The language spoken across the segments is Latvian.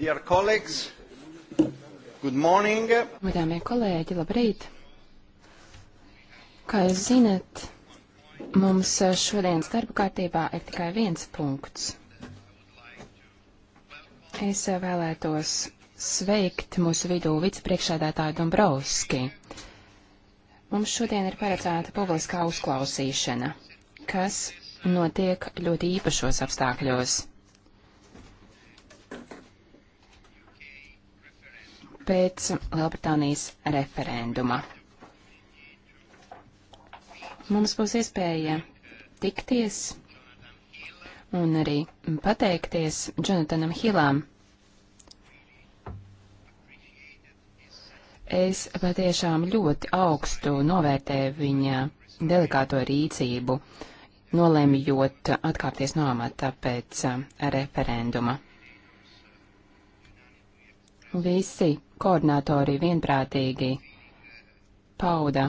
Dear colleagues, good morning. Godāmie kolēģi, labrīt. Kā jūs zinat, mums šodienas darba kārtībā ir tikai viens punkts. Es vēlētos sveikt mūsu vidū vicepriekšādātāju Dombrovski. Mums šodien ir paredzēta publiskā uzklausīšana, kas notiek ļoti īpašos apstākļos. pēc Lielbritānijas referenduma. Mums būs iespēja tikties un arī pateikties Jonatanam Hilam. Es patiešām ļoti augstu novērtēju viņa delikāto rīcību, nolemjot atkāpties no amata pēc referenduma. Visi koordinatori vienprātīgi pauda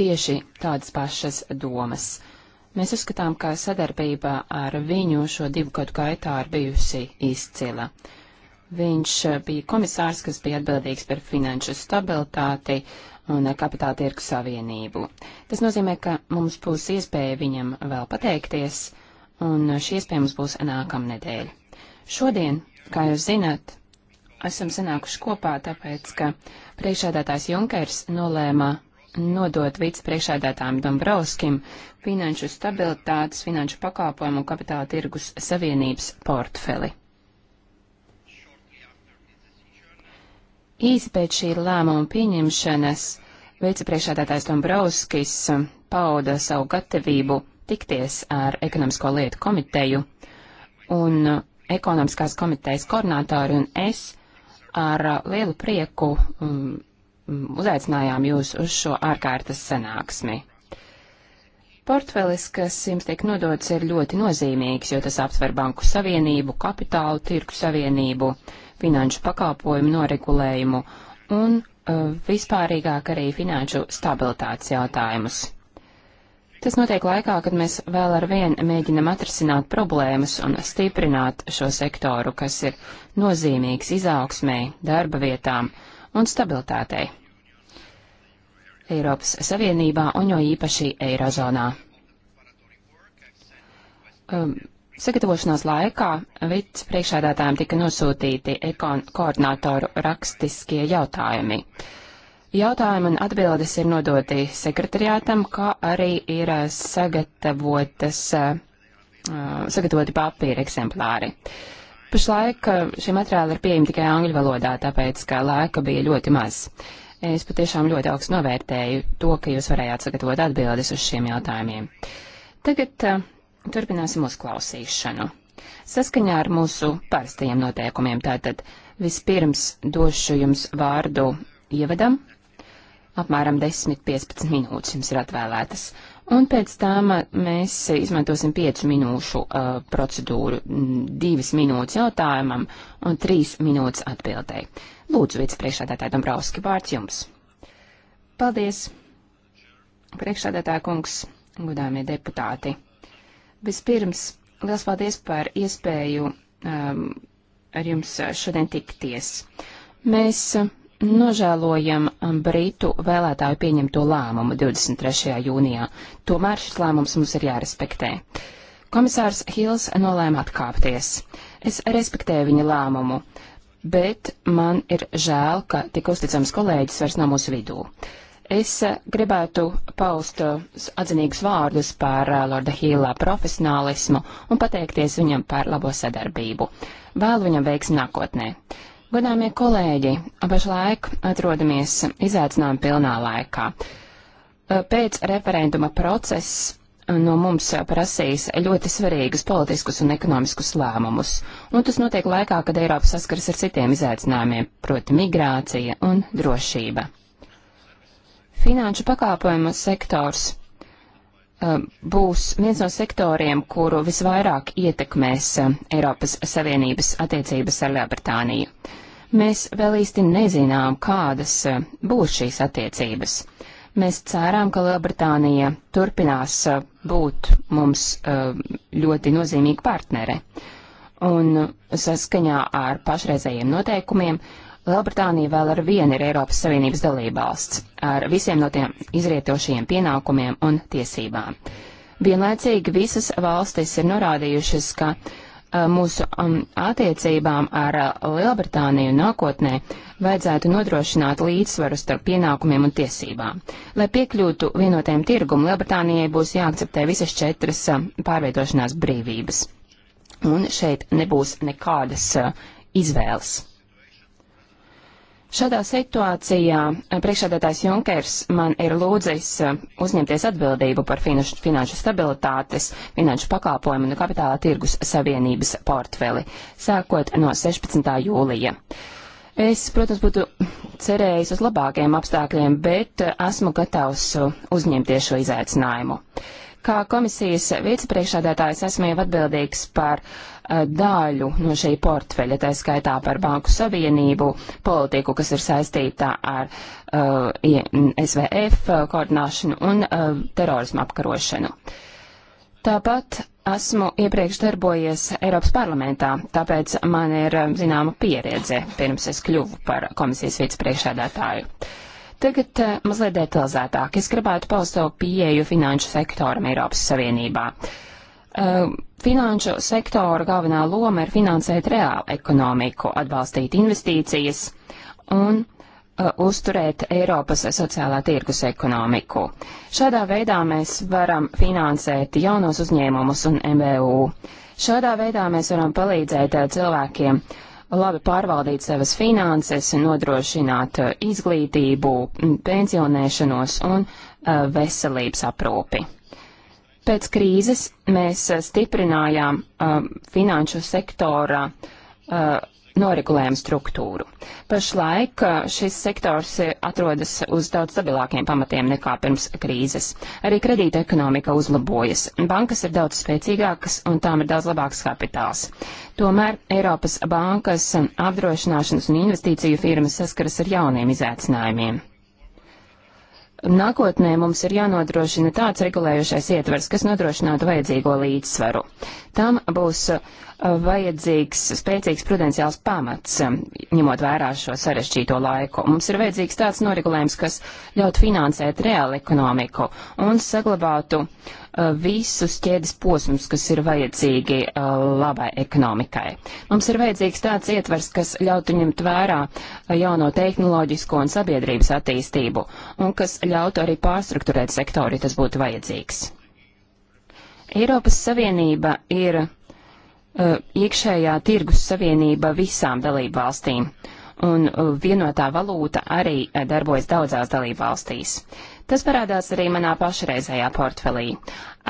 tieši tādas pašas domas. Mēs uzskatām, ka sadarbība ar viņu šo divu gadu gaitā ir bijusi izcila. Viņš bija komisārs, kas bija atbildīgs par finanšu stabilitāti un kapitāla tirku savienību. Tas nozīmē, ka mums būs iespēja viņam vēl pateikties, un šī iespēja mums būs nākamnedēļ. Šodien, kā jūs zināt, esam sanākuši kopā, tāpēc, ka priekšādātājs Junkers nolēma nodot vicepriekšādātājiem Dombrovskim finanšu stabilitātes, finanšu pakalpojumu un kapitāla tirgus savienības portfeli. Īsi pēc šī lēmuma pieņemšanas vicepriekšādātājs Dombrovskis pauda savu gatavību tikties ar ekonomisko lietu komiteju, un ekonomiskās komitejas koordinātori un es ar uh, lielu prieku um, uzaicinājām jūs uz šo ārkārtas sanāksmi. Portfelis, kas jums tiek nodots, ir ļoti nozīmīgs, jo tas aptver banku savienību, kapitālu tirku savienību, finanšu pakalpojumu noregulējumu un uh, vispārīgāk arī finanšu stabilitātes jautājumus. Tas notiek laikā, kad mēs vēl ar vien mēģinam atrisināt problēmas un stiprināt šo sektoru, kas ir nozīmīgs izaugsmēji, darba vietām un stabilitātei. Eiropas Savienībā un jo īpaši Eirozonā. Um, Sagatavošanās laikā vidas priekšādātājiem tika nosūtīti ekon koordinātoru rakstiskie jautājumi. Uh, Jautājumi un atbildes ir nodoti sekretariātam, kā arī ir eh, sagatavotas, eh, eh, sagatavoti papīra eksemplāri. Pašlaik šie materiāli ir pieejami tikai angļu valodā, tāpēc, ka laika bija ļoti maz. Es patiešām ļoti augstu novērtēju to, ka jūs varējāt sagatavot atbildes uz šiem jautājumiem. Tagad turpināsim uzklausīšanu. Saskaņā ar mūsu parastajiem noteikumiem tātad vispirms došu jums vārdu ievadam, apmēram 10-15 minūtes jums ir atvēlētas. Un pēc tam mēs izmantosim 5 minūšu uh, procedūru, 2 mm, minūtes jautājumam un 3 minūtes atbildēji. Lūdzu, vicepriekšādātāja Dombrovski, vārds jums. Paldies, priekšādātāja kungs, gudāmie deputāti. Vispirms, liels paldies par iespēju um, ar jums šodien tikties. Mēs uh, nožēlojam um, Britu vēlētāju pieņemto lēmumu 23. jūnijā. Tomēr šis lēmums mums ir jārespektē. Komisārs Hils nolēma atkāpties. Es respektēju viņa lēmumu, bet man ir žēl, ka tik uzticams kolēģis vairs nav mūsu vidū. Es uh, gribētu paust uh, atzinīgus vārdus par uh, Lorda Hīlā profesionālismu un pateikties viņam par labo sadarbību. Vēlu viņam veiksmi nākotnē. Godāmie kolēģi, pašlaik atrodamies izaicinājuma pilnā laikā. Pēc referenduma process uh, no mums prasīs ļoti svarīgus politiskus un ekonomiskus lēmumus, un tas notiek laikā, kad Eiropa saskaras ar citiem izaicinājumiem, proti migrācija un drošība. Finanšu pakāpojumu sektors Um, būs viens no sektoriem, kuru visvairāk ietekmēs um, Eiropas Savienības attiecības ar Lielbritāniju. Mēs vēl īsti nezinām, kādas um, būs šīs attiecības. Mēs cerām, ka Lielbritānija turpinās būt mums ļoti nozīmīga partnere. Un saskaņā ar pašreizējiem noteikumiem Lielbritānija vēl ar vienu ir Eiropas Savienības dalībvalsts, ar visiem no tiem izrietošajiem pienākumiem un tiesībām. Vienlaicīgi visas valstis ir norādījušas, ka eh, mūsu um, attiecībām ar eh, Lielbritāniju nākotnē vajadzētu nodrošināt līdzsvaru starp pienākumiem un tiesībām. Lai piekļūtu vienotajam tirgum, Lielbritānijai būs jāakceptē visas četras eh, pārvietošanās brīvības. Un šeit nebūs nekādas izvēles. Šādā situācijā eh, priekšādātājs Junkers man ir lūdzis eh, uzņemties atbildību par finanšu, finanšu stabilitātes, finanšu pakāpojumu un kapitāla tirgus savienības portfeli, sākot no 16. jūlija. Es, protams, būtu cerējis uz labākiem apstākļiem, bet eh, esmu gatavs uzņemties šo izaicinājumu. Kā komisijas vicepriekšādātājs esmu jau atbildīgs par uh, daļu no šī portfeļa, tā skaitā par Banku Savienību, politiku, kas ir saistīta ar uh, SVF koordināšanu un uh, terorismu apkarošanu. Tāpat esmu iepriekš darbojies Eiropas parlamentā, tāpēc man ir um, zināma pieredze pirms es kļuvu par komisijas vicepriekšādātāju. Tagad uh, mazliet detalizētāk. Es gribētu paust savu pieeju finanšu sektoram Eiropas Savienībā. Uh, Finanšu sektora galvenā loma ir finansēt reālu ekonomiku, atbalstīt investīcijas un uh, uzturēt Eiropas sociālā tirgus ekonomiku. Šādā veidā mēs varam finansēt jaunos uzņēmumus un MVU. Šādā veidā mēs varam palīdzēt uh, cilvēkiem labi pārvaldīt savas finanses, nodrošināt uh, izglītību, pensionēšanos un uh, veselības aprūpi. Pēc krīzes mēs eh, stiprinājām uh, finanšu sektora uh, noregulējumu struktūru. Pašlaik šis sektors atrodas uz daudz stabilākiem pamatiem nekā pirms krīzes. Arī kredīta ekonomika uzlabojas. Bankas ir daudz spēcīgākas un tām ir daudz labāks kapitāls. Tomēr Eiropas bankas apdrošināšanas un investīciju firmas saskaras ar jauniem izaicinājumiem. Nākotnē mums ir jānodrošina tāds regulējušais ietvers, kas nodrošinātu vajadzīgo līdzsvaru. Tam būs uh, vajadzīgs spēcīgs prudenciāls pamats, um, ņemot vērā šo sarežģīto laiku. Mums ir vajadzīgs tāds noregulējums, kas ļaut finansēt reālu ekonomiku un saglabātu uh, visus ķēdes posmus, kas ir vajadzīgi uh, labai ekonomikai. Mums ir vajadzīgs tāds ietvers, kas ļautu ņemt vērā uh, jauno tehnoloģisko un sabiedrības attīstību un kas ļautu arī pārstruktūrēt sektori, tas būtu vajadzīgs. Eiropas Savienība ir Uh, iekšējā tirgus savienība visām dalību valstīm, un uh, vienotā valūta arī uh, darbojas daudzās dalību valstīs. Tas parādās arī manā pašreizējā portfelī.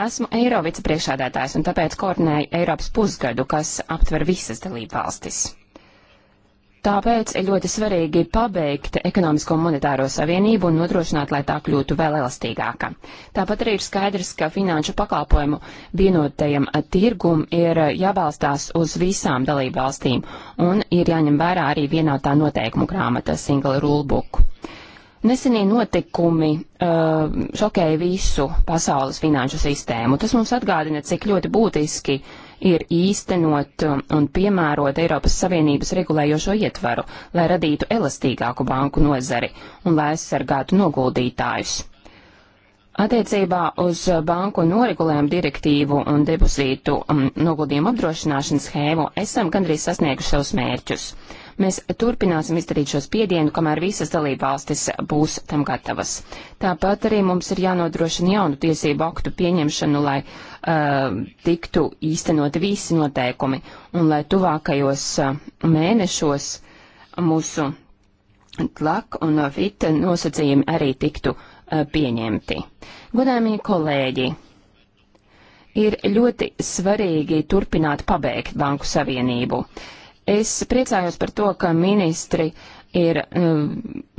Esmu Eirovica priekšādātājs un tāpēc koordinēju Eiropas pusgadu, kas aptver visas dalību valstis. Tāpēc ir ļoti svarīgi pabeigt ekonomisko un monetāro savienību un nodrošināt, lai tā kļūtu vēl elastīgāka. Tāpat arī ir skaidrs, ka finanšu pakalpojumu vienotajam tirgum ir jābalstās uz visām dalību valstīm un ir jāņem vērā arī vienotā noteikumu grāmata Single Rule Book. Nesenie notikumi uh, šokēja visu pasaules finanšu sistēmu. Tas mums atgādina, cik ļoti būtiski uh, ir īstenot um, un piemērot Eiropas Savienības regulējošo ietvaru, lai radītu elastīgāku banku nozari un lai aizsargātu noguldītājus. Attiecībā uz banku noregulējumu direktīvu un depozītu um, noguldījumu apdrošināšanas schēmu esam gandrīz sasnieguši savus mērķus. Mēs turpināsim izdarīt šo spiedienu, kamēr visas dalībvalstis būs tam gatavas. Tāpat arī mums ir jānodrošina jaunu tiesību aktu pieņemšanu, lai uh, uh, tiktu īstenoti visi noteikumi un lai tuvākajos uh, mēnešos mūsu tlak un fit nosacījumi arī tiktu uh, pieņemti. Godāmie kolēģi! ir ļoti svarīgi turpināt pabeigt Banku Savienību. Es priecājos par to, ka ministri ir um,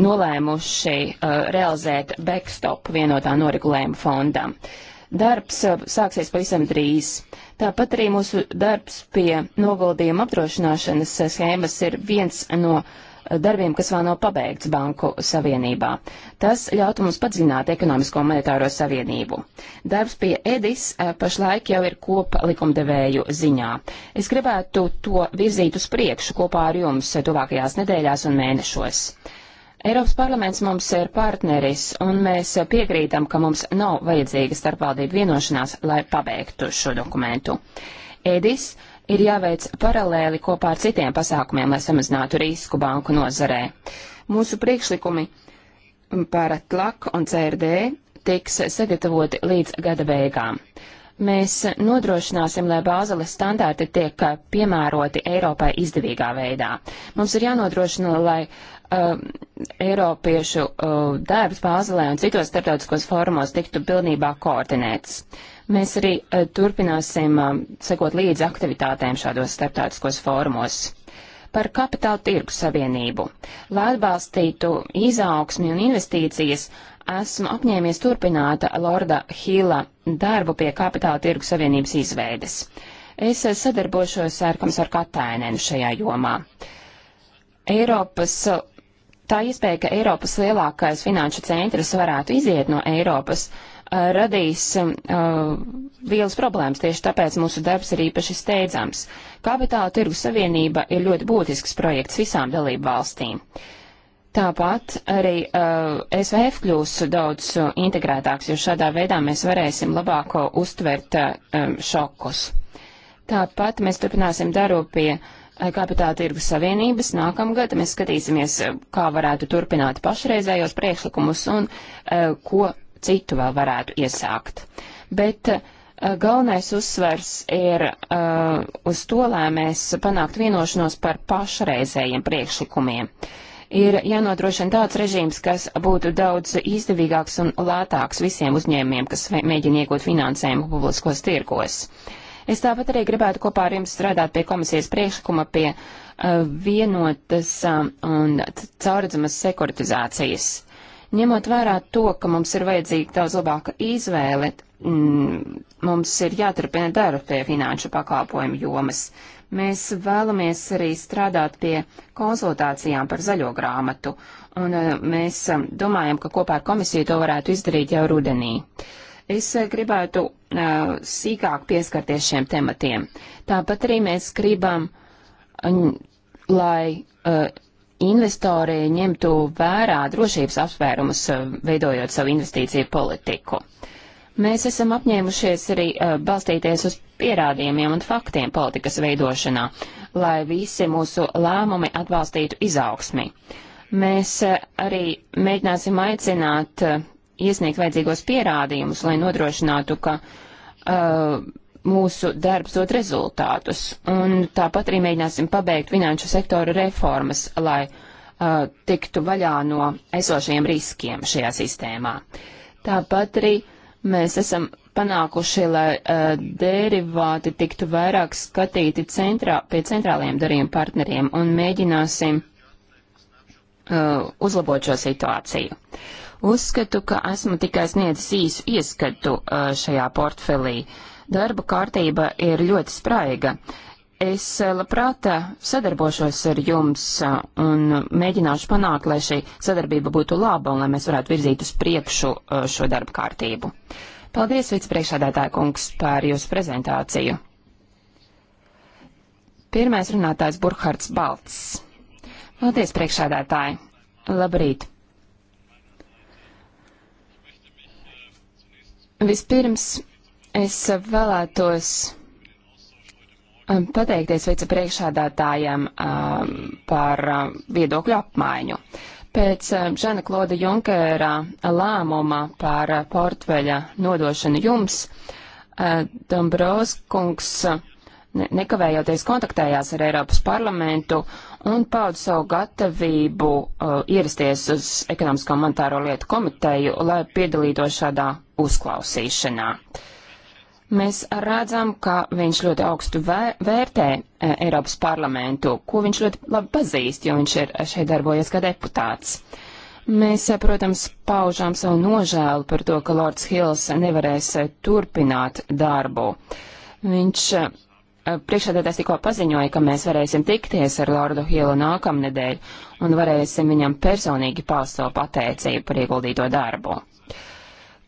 nolēmuši uh, realizēt backstop vienotā noregulējuma fondam. Uh, Darbs eh, sāksies pavisam drīz. Tāpat arī mūsu darbs pie noguldījuma apdrošināšanas eh, schēmas ir viens no eh, darbiem, kas vēl nav pabeigts Banku Savienībā. Tas ļautu mums padziļināt ekonomisko monetāro savienību. Darbs pie EDIS pašlaik jau ir kopa likumdevēju ziņā. Es gribētu to virzīt uz priekšu kopā ar jums tuvākajās nedēļās un mēnešos. Eiropas parlaments mums ir partneris, un mēs piekrītam, ka mums nav vajadzīga starpvaldību vienošanās, lai pabeigtu šo dokumentu. Edis ir jāveic paralēli kopā ar citiem pasākumiem, lai samazinātu risku banku nozarē. Mūsu priekšlikumi par TLAK un CRD tiks sagatavoti līdz gada beigām. Mēs nodrošināsim, lai bāzeles standarti tiek piemēroti Eiropai izdevīgā veidā. Mums ir jānodrošina, lai um, Eiropiešu uh, darbs Bāzelē un citos starptautiskos fórumos tiktu pilnībā koordinēts. Mēs arī uh, turpināsim uh, sekot līdzi aktivitātēm šādos starptautiskos fórumos par kapitāla tirgu savienību. Lai atbalstītu izaugsmi un investīcijas, esmu apņēmies turpināt Lorda Hīla darbu pie kapitāla tirgu savienības izveides. Es uh, sadarbošos ar Komisāru Katainēnu šajā jomā. Eiropas uh, Tā iespēja, ka Eiropas lielākais finanšu centrs varētu iziet no Eiropas, radīs uh, lielas problēmas, tieši tāpēc mūsu darbs ir īpaši steidzams. Kapitāla tirgu savienība ir ļoti būtisks projekts visām dalību valstīm. Tāpat arī uh, SVF kļūs daudz integrētāks, jo šādā veidā mēs varēsim labāko uztvert um, šokus. Tāpat mēs turpināsim darbu pie uh, kapitāla tirgus savienības nākamgad mēs skatīsimies, eh, kā varētu turpināt pašreizējos priekšlikumus un eh, ko citu vēl varētu iesākt. Bet eh, galvenais uzsvers ir uz to, lai mēs panāktu vienošanos par pašreizējiem priekšlikumiem. Ir jānodrošina tāds režīms, kas būtu daudz izdevīgāks un lētāks visiem uzņēmiem, kas mēģina iegūt finansējumu publiskos tirgos. Uh, Es tāpat arī gribētu kopā ar jums strādāt pie komisijas priekšlikuma pie uh, vienotas uh, un cauredzamas sekuritizācijas. Ņemot vērā to, ka mums ir vajadzīga daudz labāka izvēle, mm, mums ir jāturpina darba pie finanšu pakalpojumu jomas. Mēs vēlamies arī strādāt pie konsultācijām par zaļo grāmatu, un uh, mēs um, domājam, ka kopā ar komisiju to varētu izdarīt jau rudenī. Uh, Es eh, gribētu uh, sīkāk pieskarties šiem tematiem. Tāpat arī mēs gribam, mm, lai uh, investori ņemtu vērā drošības apsvērumus, uh, veidojot savu investīciju politiku. Mēs esam apņēmušies arī uh, balstīties uz pierādījumiem un faktiem politikas veidošanā, lai visi mūsu lēmumi atbalstītu izaugsmi. Mēs uh, arī mēģināsim aicināt uh, iesniegt vajadzīgos pierādījumus, lai nodrošinātu, ka uh, mūsu darbs dod rezultātus. Un tāpat arī mēģināsim pabeigt finanšu sektora reformas, lai uh, tiktu vaļā no esošajiem riskiem šajā sistēmā. Tāpat arī mēs esam panākuši, lai uh, derivāti tiktu vairāk skatīti centrā, pie centrālajiem darījuma partneriem un mēģināsim uh, uzlabot šo situāciju. Uzskatu, ka esmu tikai sniedzis īsu ieskatu šajā portfelī. Darba kārtība ir ļoti spraiga. Es labprāt sadarbošos ar jums un mēģināšu panākt, lai šī sadarbība būtu laba un lai mēs varētu virzīt uz priekšu šo darba kārtību. Paldies, vicepriekšādātāja kungs, par jūsu prezentāciju. Pirmais runātājs Burkhards Balts. Paldies, priekšādātāji. Labrīt. Vispirms es vēlētos um, pateikties vicepriekšādātājiem um, par um, viedokļu apmaiņu. Pēc Žana Kloda Junkera lēmuma par portfeļa nodošanu jums, uh, Dombrovs kungs nekavējoties kontaktējās ar Eiropas parlamentu un pauda savu gatavību uh, ierasties uz ekonomisko monetāro lietu komiteju, lai piedalītos šādā uzklausīšanā. Mēs redzam, ka viņš ļoti augstu vērtē e, Eiropas parlamentu, ko viņš ļoti labi pazīst, jo viņš ir e, šeit darbojies kā deputāts. Mēs, e, protams, paužām savu nožēlu par to, ka Lords Hills nevarēs turpināt darbu. Viņš priekšādātājs tikko paziņoja, ka mēs varēsim tikties ar Lordu Hillu nākamnedēļ un varēsim viņam personīgi paust savu pateicību par ieguldīto darbu.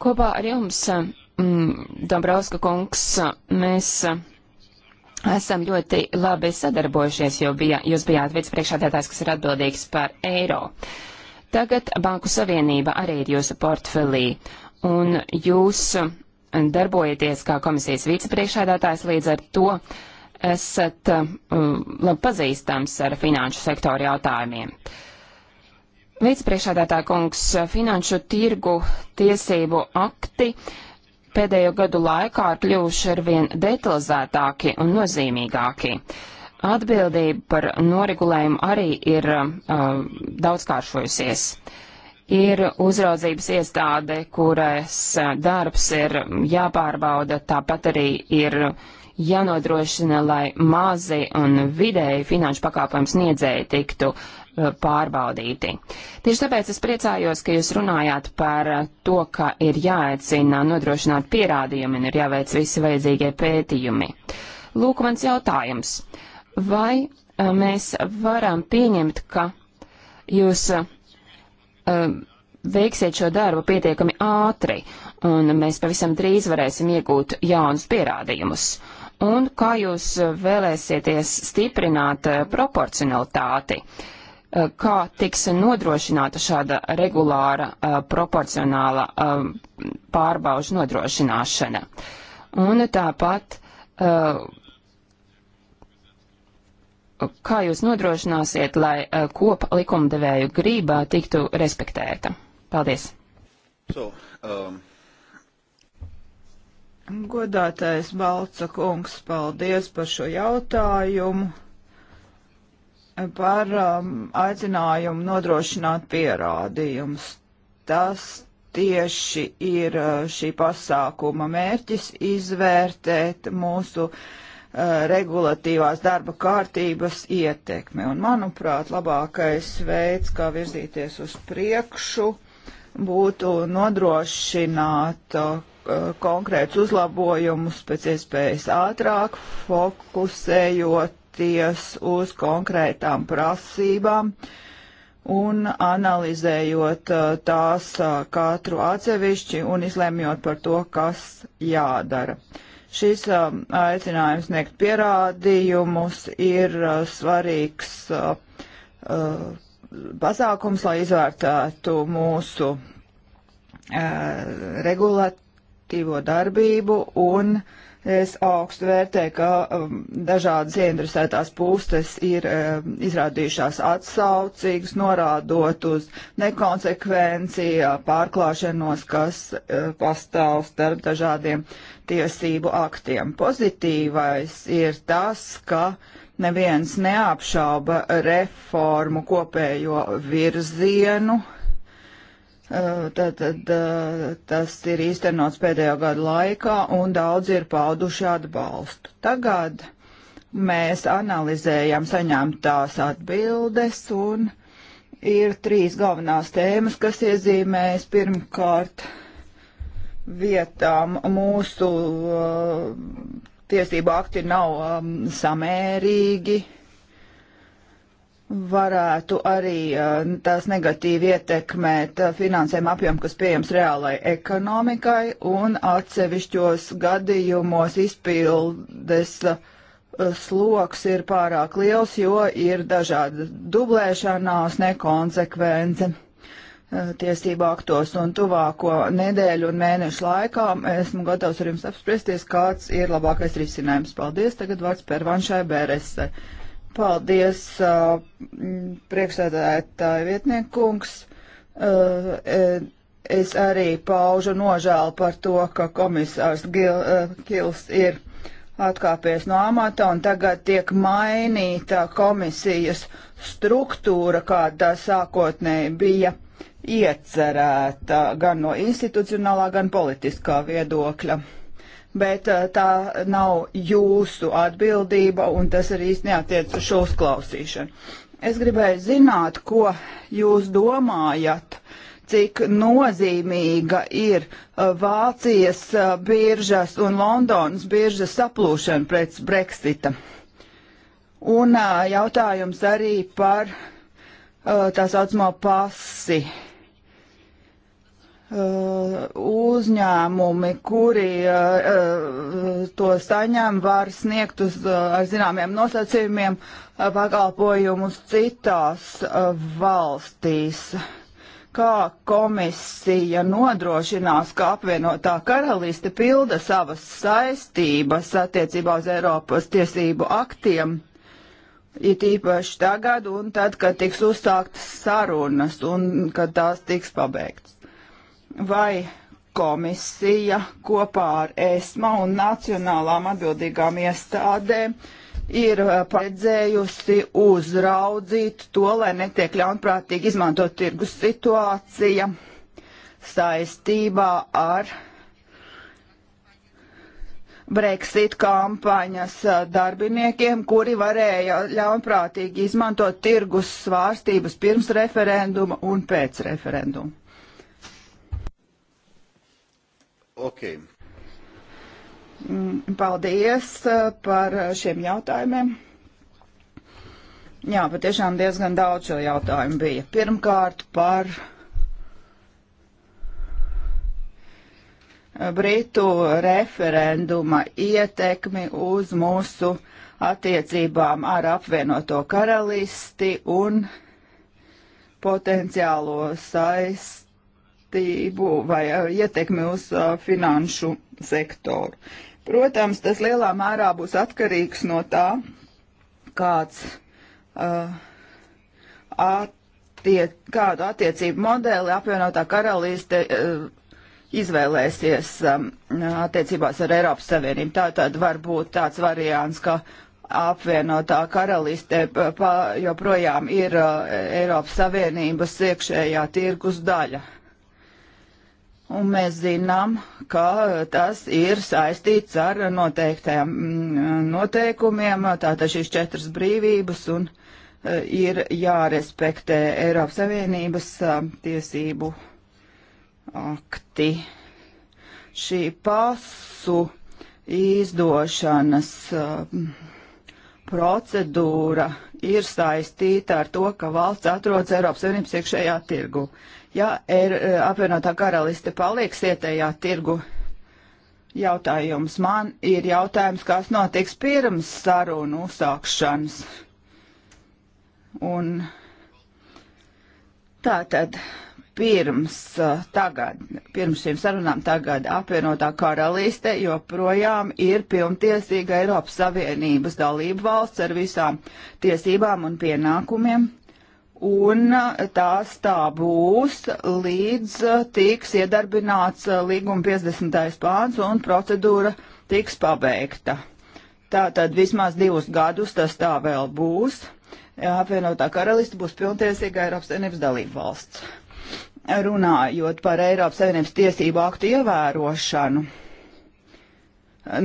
Kopā ar jums, mm, Dombrovska kungs, mēs esam ļoti labi sadarbojušies, jo bija, jūs bijāt vicepriekšādētājs, kas ir atbildīgs par eiro. Tagad Banku Savienība arī ir jūsu portfelī, un jūs darbojaties kā komisijas vicepriekšādātājs, līdz ar to esat um, labi pazīstams ar finanšu sektoru jautājumiem. Uh, Vicepriekšādātā kungs, finanšu tirgu tiesību akti pēdējo gadu laikā ir kļuvuši arvien detalizētāki un nozīmīgāki. Atbildība par noregulējumu arī ir uh, daudzkāršojusies. Ir uzraudzības iestāde, kuras uh, darbs ir jāpārbauda, tāpat arī ir jānodrošina, lai mazi un vidēji finanšu pakāpojumu sniedzēji tiktu uh, Eh, pārbaudīti. Tieši tāpēc es priecājos, ka jūs runājāt par eh, to, ka ir jāaicina nodrošināt pierādījumi un ir jāveic visi vajadzīgie pētījumi. Lūk, mans jautājums. Vai eh, mēs varam pieņemt, ka jūs veiksiet šo darbu pietiekami ātri un mēs pavisam drīz varēsim iegūt jaunus pierādījumus? Un kā jūs vēlēsieties stiprināt proporcionalitāti? Uh, Eh, kā tiks nodrošināta šāda regulāra eh, proporcionāla eh, pārbaužu nodrošināšana. Un tāpat, kā jūs nodrošināsiet, lai kopa likumdevēju grība tiktu respektēta? Paldies! So, um... Godātais Balca kungs, paldies par šo jautājumu par um, aicinājumu nodrošināt pierādījumus. Tas tieši ir uh, šī pasākuma mērķis izvērtēt mūsu uh, regulatīvās darba kārtības ietekmi. Un, manuprāt, labākais veids, kā virzīties uz priekšu, būtu nodrošināt uh, konkrētus uzlabojumus pēc iespējas ātrāk, fokusējot balstoties uz konkrētām prasībām un analizējot uh, tās uh, katru atsevišķi un izlēmjot par to, kas jādara. Šis um, aicinājums sniegt pierādījumus ir uh, svarīgs pasākums, lai izvērtētu mūsu regulatīvo darbību un uh, Es augstu vērtēju, ka um, dažādas ieinteresētās puses ir um, izrādījušās atsaucīgas, norādot uz nekonsekvenciju, uh, pārklāšanos, kas uh, pastāv starp dažādiem tiesību aktiem. Pozitīvais ir tas, ka neviens neapšauba reformu kopējo virzienu, uh, Tātad eh, eh, tas ir īstenots pēdējo gadu laikā un daudz ir pauduši atbalstu. Tagad mēs analizējam saņemtās atbildes un ir trīs galvenās tēmas, kas iezīmējas pirmkārt vietām mūsu uh, tiesību akti nav um, samērīgi. Uh, varētu arī eh, tās negatīvi ietekmēt eh, finansējuma apjomu, kas pieejams reālai ekonomikai, un atsevišķos gadījumos izpildes eh, sloks ir pārāk liels, jo ir dažāda dublēšanās, nekonsekvence tiesību aktos un tuvāko nedēļu un mēnešu laikā esmu gatavs ar jums apspriesties, kāds ir labākais risinājums. Paldies, tagad vārds Pervanšai Bērese. Paldies, uh, priekšsēdētāji vietniekungs. Uh, e, es arī paužu nožēlu par to, ka komisārs Gil, uh, Kils ir atkāpies no amata un tagad tiek mainīta komisijas struktūra, kāda sākotnēji bija iecerēta gan no institucionālā, gan politiskā viedokļa bet eh, tā nav jūsu atbildība, un tas arī īsti neatiec uz šo uzklausīšanu. Es gribēju zināt, ko jūs domājat, cik nozīmīga ir eh, Vācijas eh, biržas un Londonas biržas saplūšana pēc Brexita. Un jautājums arī par tā saucamo pasi. Uh, Uh, uzņēmumi, kuri uh, uh, to saņem, var sniegt uz, ar zināmiem nosacījumiem pakalpojumus citās valstīs. Kā komisija nodrošinās, ka apvienotā karaliste pilda savas saistības attiecībā uz Eiropas tiesību aktiem? It īpaši tagad un tad, kad tiks uzsāktas sarunas un kad tās tiks pabeigts vai komisija kopā ar ESMA un nacionālām atbildīgām iestādēm ir uh, paredzējusi uzraudzīt to, lai netiek ļaunprātīgi izmantot tirgus situācija saistībā ar Brexit kampaņas uh, darbiniekiem, kuri varēja ļaunprātīgi izmantot tirgus svārstības pirms referenduma un pēc referenduma. Okay. Mm, paldies uh, par uh, šiem jautājumiem. Jā, patiešām diezgan daudz šo jautājumu bija. Pirmkārt par uh, Britu referenduma ietekmi uz mūsu attiecībām ar apvienoto karalisti un potenciālo saist attīstību vai eh, ietekmi uz eh, finanšu sektoru. Protams, tas lielā mērā būs atkarīgs no tā, kāds uh, attiec, kādu attiecību modeli apvienotā karalīste uh, izvēlēsies um, attiecībās ar Eiropas Savienību. Tā tad var būt tāds variants, ka apvienotā karaliste joprojām ir uh, Eiropas Savienības iekšējā tirgus daļa. Uh, Un mēs zinām, ka tas ir saistīts ar noteiktiem mm, noteikumiem, tātad šīs četras brīvības un e, ir jārespektē Eiropas Savienības e, tiesību akti. Šī pasu izdošanas e, procedūra ir saistīta ar to, ka valsts atrodas Eiropas Savienības iekšējā tirgu ja er, apvienotā karaliste paliks ietējā tirgu. Jautājums man ir jautājums, kas notiks pirms sarunu uzsākšanas. Un tā tad pirms e, tagad, pirms šīm sarunām tagad apvienotā karalīste joprojām ir pilntiesīga Eiropas Savienības dalība valsts ar visām tiesībām un pienākumiem un tās tā būs, līdz tiks iedarbināts līguma 50. pāns un procedūra tiks pabeigta. Tātad vismaz divus gadus tas tā vēl būs. Apvienotā karalista būs pilntiesīga Eiropas Savienības dalība valsts. Runājot par Eiropas Savienības tiesību aktu ievērošanu,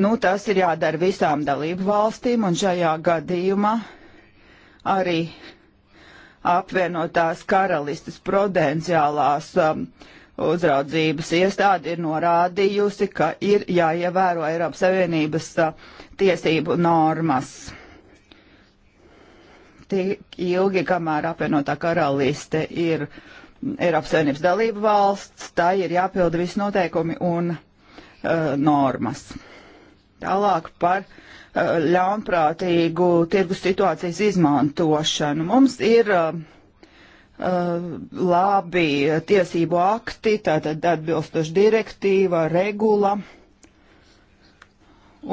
nu, tas ir jādara visām dalību valstīm, un šajā gadījumā arī uh, apvienotās karalistes prudenciālās um, uzraudzības iestāde ir norādījusi, ka ir jāievēro Eiropas Savienības uh, tiesību normas. Tik ilgi, kamēr apvienotā karaliste ir Eiropas Savienības dalība valsts, tā ir jāpilda visi noteikumi un uh, normas. Tālāk par uh, ļaunprātīgu tirgus situācijas izmantošanu. Mums ir uh, uh labi tiesību akti, tātad atbilstoši direktīva, regula.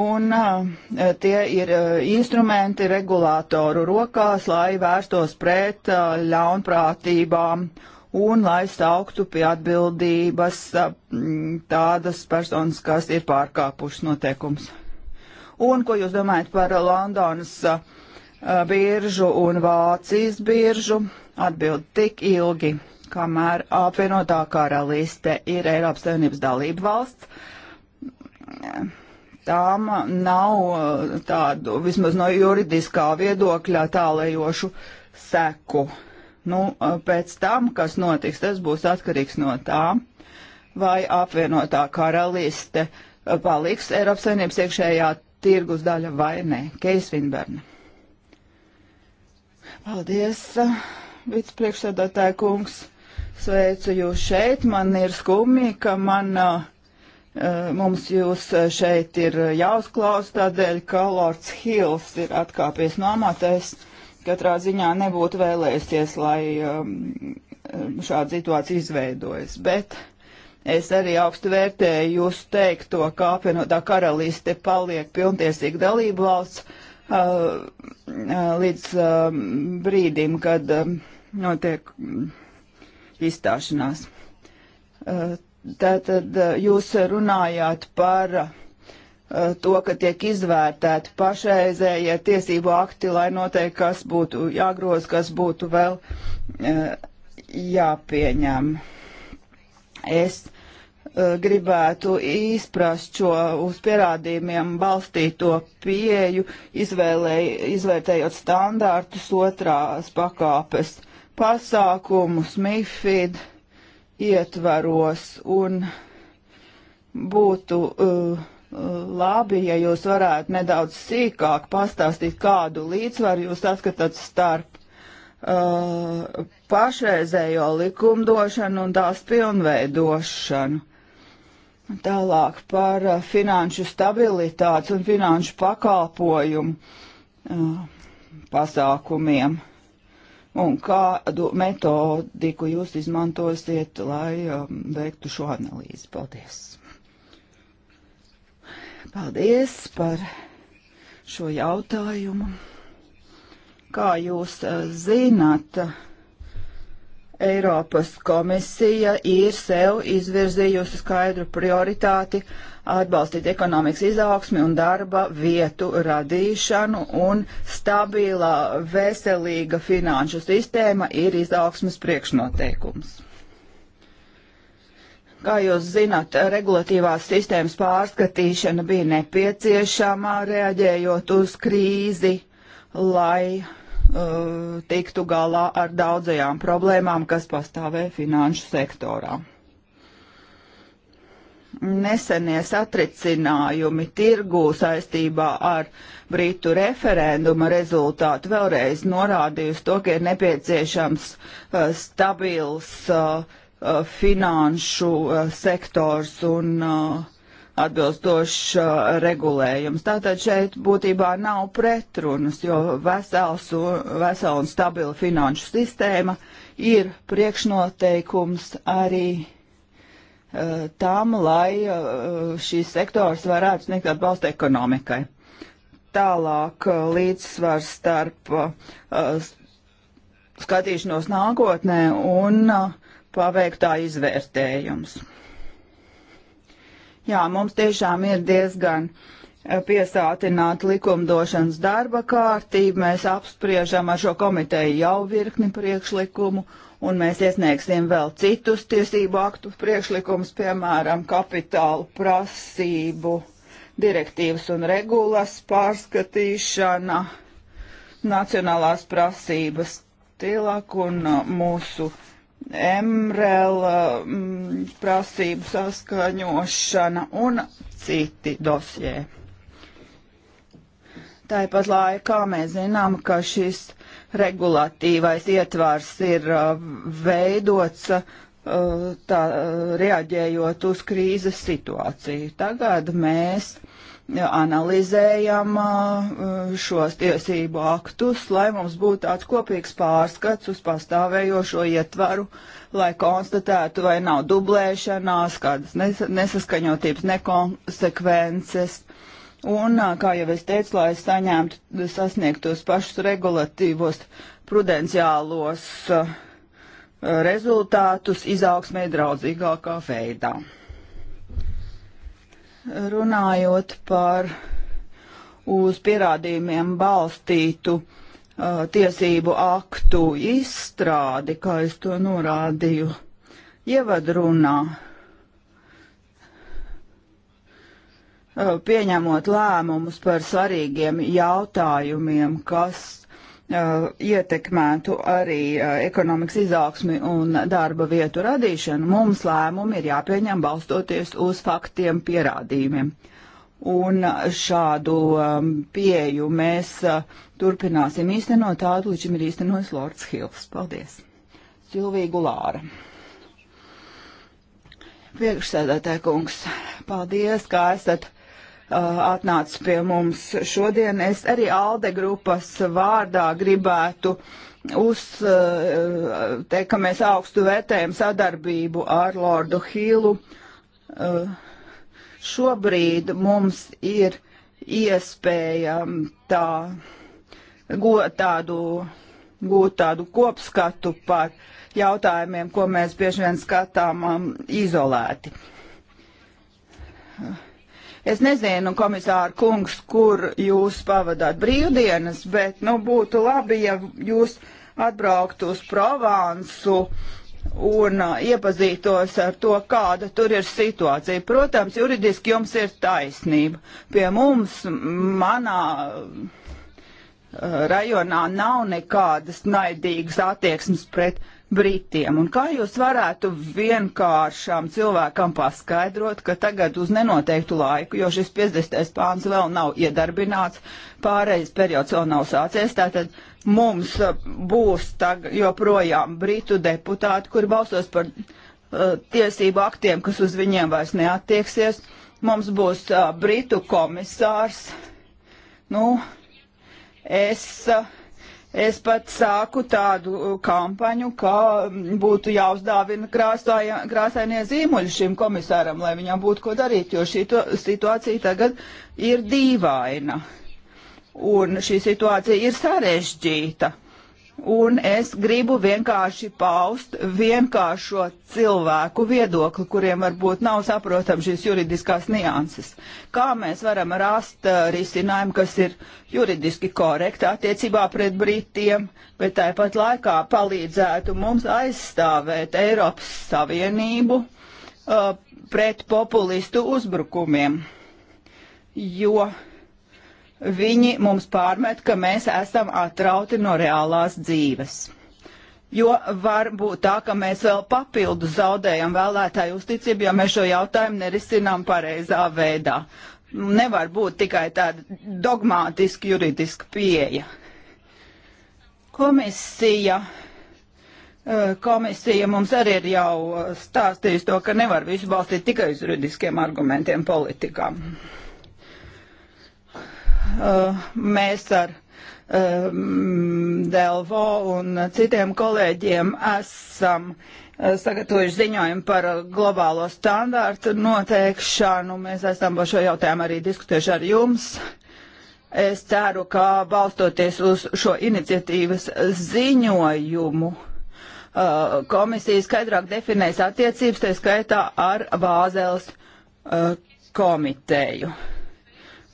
Un uh, tie ir uh, instrumenti regulātoru rokās, lai vērstos pret uh, ļaunprātībām un lai sauktu pie atbildības tādas personas, kas ir pārkāpušas noteikums. Un ko jūs domājat par Londonas biržu un Vācijas biržu? Atbild tik ilgi, kamēr apvienotā karaliste ir Eiropas Savienības dalība valsts. Tām nav tādu, vismaz no juridiskā viedokļa, tālējošu seku. Uh, Nu, pēc tam, kas notiks, tas būs atkarīgs no tā, vai apvienotā karaliste paliks Eiropas Savienības iekšējā tirgus daļa vai nē. Keis Vinberna. Paldies, vicepriekšsēdētāja kungs. Sveicu jūs šeit. Man ir skumji, ka man, mums jūs šeit ir jāuzklaus tādēļ, ka Lords Hills ir atkāpies no amatais. Es katrā ziņā nebūtu vēlēsies, lai um, um šāda situācija izveidojas. Bet es arī augstu vērtēju jūs teikto, ka apvienotā karaliste paliek pilntiesīga dalība valsts uh, uh līdz uh, brīdim, kad um, uh, notiek izstāšanās. Tātad uh, jūs runājāt par Eh, to, ka tiek izvērtēti pašreizējie ja tiesību akti, lai noteikti, kas būtu jāgroz, kas būtu vēl eh, jāpieņem. Es eh, gribētu izprast šo uz pierādījumiem balstīto pieju, izvēlē, izvērtējot standārtus otrās pakāpes pasākumus, MIFID ietvaros un būtu uh, labi, ja jūs varētu nedaudz sīkāk pastāstīt, kādu līdzsvaru jūs saskatāt starp uh, pašreizējo likumdošanu un tās pilnveidošanu. Tālāk par uh, finanšu stabilitātes un finanšu pakalpojumu uh, pasākumiem un kādu metodiku jūs izmantosiet, lai um, veiktu šo analīzi. Paldies! Paldies par šo jautājumu. Kā jūs zināt, Eiropas komisija ir sev izvirzījusi skaidru prioritāti atbalstīt ekonomikas izaugsmi un darba vietu radīšanu, un stabilā, veselīga finanšu sistēma ir izaugsmas priekšnoteikums. Kā jūs zināt, regulatīvās sistēmas pārskatīšana bija nepieciešama, reaģējot uz krīzi, lai uh, tiktu galā ar daudzajām problēmām, kas pastāvēja finanšu sektorā. Nesenie satricinājumi tirgū saistībā ar Britu referenduma rezultātu vēlreiz norādījusi to, ka ir nepieciešams uh, stabils uh, Uh, finanšu uh, sektors un uh, atbilstošs regulējums. Tātad šeit būtībā nav pretrunas, jo vesels un, vesela un stabila finanšu sistēma ir priekšnoteikums arī uh, tam, lai uh, šīs sektors varētu sniegt atbalstu ekonomikai. Tālāk uh, līdzsvars starp skatīšanos nākotnē un uh, paveiktā izvērtējums. Jā, mums tiešām ir diezgan eh, piesātināta likumdošanas darba kārtība. Mēs apspriežam ar šo komiteju jau virkni priekšlikumu, un mēs iesniegsim vēl citus tiesību aktu priekšlikumus, piemēram, kapitālu prasību direktīvas un regulas pārskatīšana, nacionālās prasības tilak un eh, mūsu uh, MREL m, mm, prasību saskaņošana un citi dosjē. Tāpat laikā mēs zinām, ka šis regulatīvais ietvars ir uh, veidots uh, tā, uh, reaģējot uz krīzes situāciju. Tagad mēs uh, analizējam šos tiesību aktus, lai mums būtu tāds kopīgs pārskats uz pastāvējošo ietvaru, lai konstatētu, vai nav dublēšanās, kādas nes nesaskaņotības, nekonsekvences. Un, kā jau es teicu, lai es saņemtu sasniegtos pašus regulatīvos prudenciālos rezultātus izaugsmē draudzīgākā veidā runājot par uz pierādījumiem balstītu uh, tiesību aktu izstrādi, kā es to norādīju ievadrunā, uh, pieņemot lēmumus par svarīgiem jautājumiem, kas Uh, ietekmētu arī uh, ekonomikas izaugsmi un darba vietu radīšanu, mums lēmumi ir jāpieņem balstoties uz faktiem pierādījumiem. Un šādu um, pieju mēs uh, turpināsim īstenot tādu, līdz šim ir īstenojis Lords Hills. Paldies! Silvija Gulāra. Priekšsēdētāja kungs, paldies, kā esat Uh, atnācis pie mums šodien. Es arī Alde grupas vārdā gribētu uzteikt, uh, ka mēs augstu vērtējam sadarbību ar Lordu Hīlu. Uh, šobrīd mums ir iespēja tā, gūt tādu, gūt tādu kopskatu par jautājumiem, ko mēs bieži vien skatām um, izolēti. Uh Es nezinu, komisāra kungs, kur jūs pavadāt brīvdienas, bet nu, būtu labi, ja jūs atbrauktu uz Provansu un uh, iepazītos ar to, kāda tur ir situācija. Protams, juridiski jums ir taisnība. Pie mums, manā uh, rajonā, nav nekādas naidīgas attieksmes pret Britiem. Un kā jūs varētu vienkāršām cilvēkam paskaidrot, ka tagad uz nenoteiktu laiku, jo šis 50. pāns vēl nav iedarbināts, pārējais periods vēl nav sācies, tātad mums uh, būs tag, joprojām Britu deputāti, kuri balsos par uh, tiesību aktiem, kas uz viņiem vairs neattieksies. Mums būs uh, Britu komisārs. Nu, es. Uh, Es pat sāku tādu uh, kampaņu, ka mm, būtu jāuzdāvina krāsainie zīmuļi šim komisāram, lai viņam būtu ko darīt, jo šī situācija tagad ir dīvaina. Un šī situācija ir sarežģīta un es gribu vienkārši paust vienkāršo cilvēku viedokli, kuriem varbūt nav saprotam šīs juridiskās nianses. Kā mēs varam rast uh, risinājumu, kas ir juridiski korekti attiecībā pret Britiem, bet tāpat laikā palīdzētu mums aizstāvēt Eiropas Savienību uh, pret populistu uzbrukumiem. Jo uh, Viņi mums pārmet, ka mēs esam atrauti no reālās dzīves. Jo var būt tā, ka mēs vēl papildus zaudējam vēlētāju uzticību, ja mēs šo jautājumu nerisinām pareizā veidā. Nevar būt tikai tāda dogmātiska juridiska pieeja. Komisija, eh, komisija mums arī ir jau eh, stāstījusi to, ka nevar visu balstīt tikai uz juridiskiem argumentiem politikām. Mm. Eh, mēs ar eh, Delvo un citiem kolēģiem esam eh, sagatavojuši ziņojumu par globālo standārtu noteikšanu. Mēs esam par šo jautājumu arī diskutējuši ar jums. Es ceru, ka balstoties uz šo iniciatīvas ziņojumu, komisija skaidrāk definēs attiecības, tā skaitā ar Bāzeles komiteju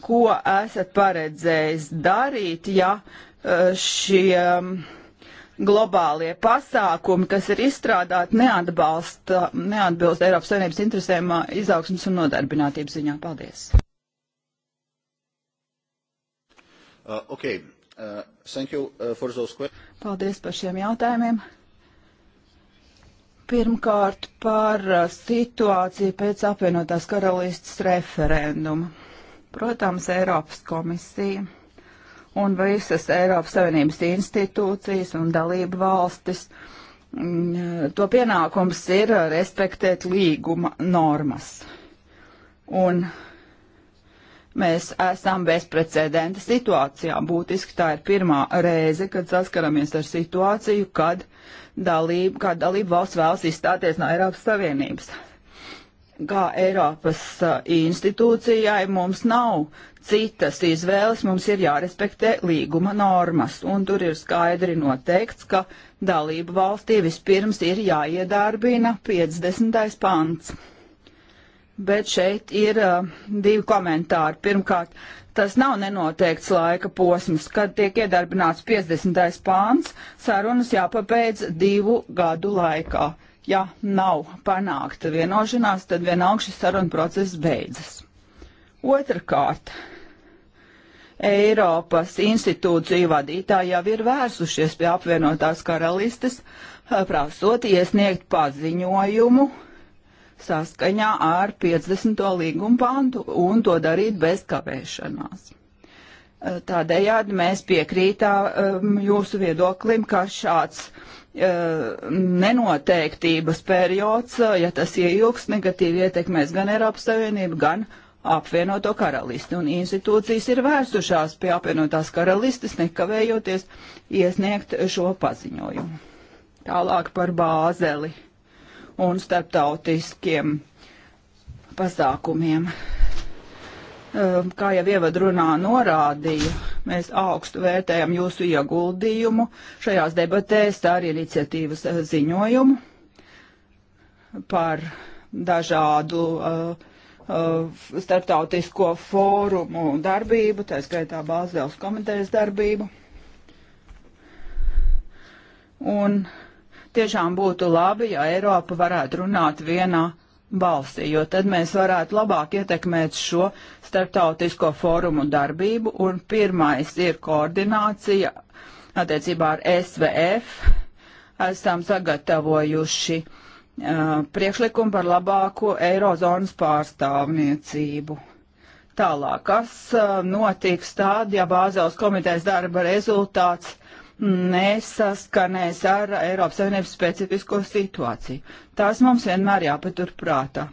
ko esat paredzējis darīt, ja e, šie globālie pasākumi, kas ir izstrādāti, neatbalsta, neatbilst Eiropas Savienības interesēm e, izaugsmas un nodarbinātības ziņā. Paldies. Uh, okay. uh, you, uh, those... Paldies par šiem jautājumiem. Pirmkārt par uh, situāciju pēc apvienotās karalistas referenduma. Protams, Eiropas komisija un visas Eiropas Savienības institūcijas un dalību valstis. Mm, to pienākums ir respektēt līguma normas. Un mēs esam bezprecedenta situācijā. Būtiski tā ir pirmā reize, kad saskaramies ar situāciju, kad dalība, kad dalība valsts vēlas izstāties no Eiropas Savienības kā Eiropas institūcijai mums nav citas izvēles, mums ir jārespektē līguma normas. Un tur ir skaidri noteikts, ka dalību valstī vispirms ir jāiedarbina 50. pants. Bet šeit ir uh, divi komentāri. Pirmkārt, tas nav nenoteikts laika posms, kad tiek iedarbināts 50. pāns, sarunas jāpabeidz divu gadu laikā. Uh, ja nav panākta vienošanās, tad vienalga šis saruna process beidzas. Otrakārt, Eiropas institūciju vadītāji jau ir vērsušies pie apvienotās karalistes, prasot iesniegt paziņojumu saskaņā ar 50. līgumu pantu un to darīt bez kavēšanās. Tādējādi mēs piekrītām um, jūsu viedoklim, ka šāds uh, nenoteiktības periods, ja tas ieilgs, negatīvi ietekmēs gan Eiropas Savienību, gan apvienoto karalisti. Un institūcijas ir vērsušās pie apvienotās karalistes, nekavējoties iesniegt šo paziņojumu. Tālāk par bāzeli un starptautiskiem pasākumiem. Ehm, kā jau ievadrunā norādīju, mēs augstu vērtējam jūsu ieguldījumu šajās debatēs ar iniciatīvas eh, ziņojumu par dažādu uh, uh, starptautisko fórumu darbību, tā skaitā Bāzdēls komitejas darbību. Un tiešām būtu labi, ja Eiropa varētu runāt vienā balsi, jo tad mēs varētu labāk ietekmēt šo starptautisko fórumu darbību. Un pirmais ir koordinācija attiecībā ar SVF. Esam sagatavojuši uh, priekšlikumu par labāko Eirozonas pārstāvniecību. Tālāk, kas uh, notiks tad, ja Bāzels komitejas darba rezultāts nesaskanēs ar Eiropas Savienības specifisko situāciju. Tās mums vienmēr jāpatur prātā.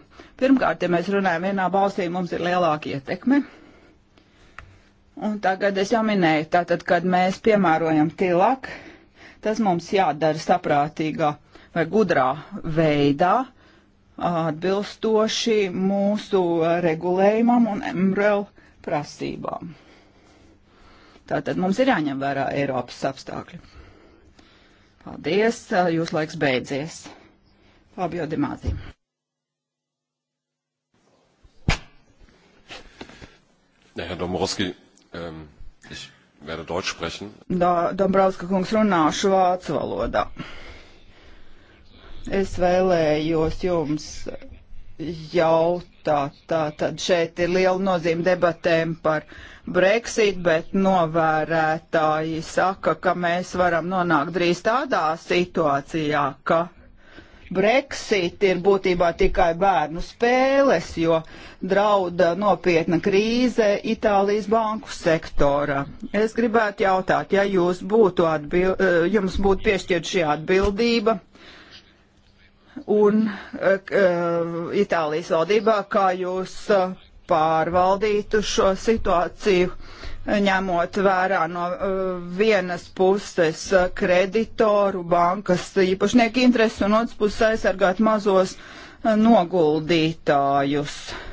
Pirmkārt, ja mēs runājam vienā balsī, mums ir lielāka ietekme. Un tagad es jau minēju, tātad, kad mēs piemērojam tilak, tas mums jādara saprātīgā vai gudrā veidā, atbilstoši mūsu regulējumam un MRL prasībām. Tātad mums ir jāņem vērā Eiropas apstākļi. Paldies, jūs laiks beidzies. Fabio Dimātī. Herr Domorowski, ähm, ich werde Deutsch sprechen. Da, Dombrauska kungs runāšu vācu valodā. Es vēlējos jums jautāt. Tātad šeit ir liela nozīme debatēm par Brexit, bet novērētāji saka, ka mēs varam nonākt drīz tādā situācijā, ka Brexit ir būtībā tikai bērnu spēles, jo drauda nopietna krīze Itālijas banku sektora. Es gribētu jautāt, ja jūs būtu atbil, eh, jums būtu piešķirt šī atbildība un uh, Itālijas valdībā, kā jūs uh, pārvaldītu šo situāciju, ņemot vērā no uh, vienas puses kreditoru, bankas īpašnieku intereses un otras puses aizsargāt mazos noguldītājus. Uh,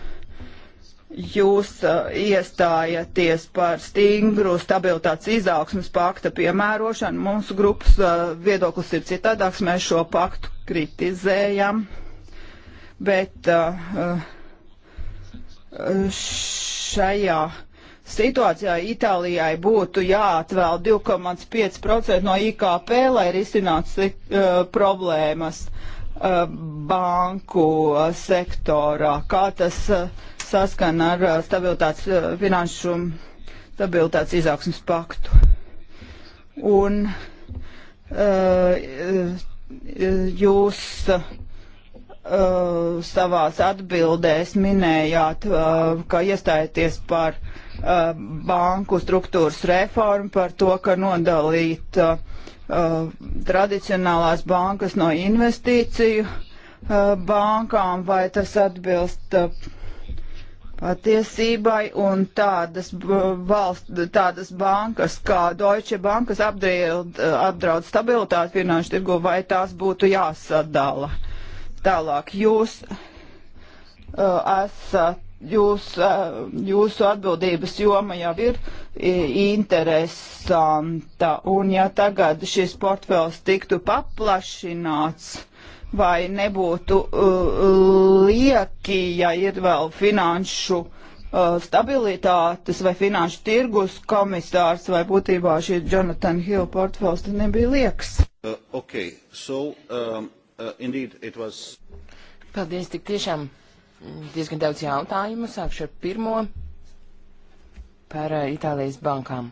jūs uh, iestājaties par stingru stabilitātes izaugsmas pakta piemērošanu. Mūsu grupas uh, viedoklis ir citādāks, mēs šo paktu kritizējam, bet uh, uh šajā situācijā Itālijai būtu jāatvēl 2,5% no IKP, lai risinātu uh, problēmas uh, banku sektorā. Kā tas uh, saskana ar uh, stabilitātes uh, finanšu stabilitātes izaugsmas paktu. Un uh, jūs uh, savās atbildēs minējāt, uh, ka iestājaties par uh, banku struktūras reformu, par to, ka nodalīt tradicionālās bankas no investīciju bankām, vai tas atbilst uh, patiesībai un tādas, valsts, tādas bankas kā Deutsche Bank, kas apdraud, apdraud stabilitāti finanšu tirgu, vai tās būtu jāsadala. Tālāk, jūs uh, esat, jūs, uh, jūsu atbildības joma jau ir interesanta, un ja tagad šis portfels tiktu paplašināts, uh, vai nebūtu uh, lieki, ja ir vēl finanšu uh, stabilitātes vai finanšu tirgus komisārs, vai būtībā šī Jonathan Hill portfels nebija lieks. Uh, okay. so, um, uh, was... Paldies, tik tiešām diezgan daudz jautājumu. Sākšu ar pirmo par uh, Itālijas bankām.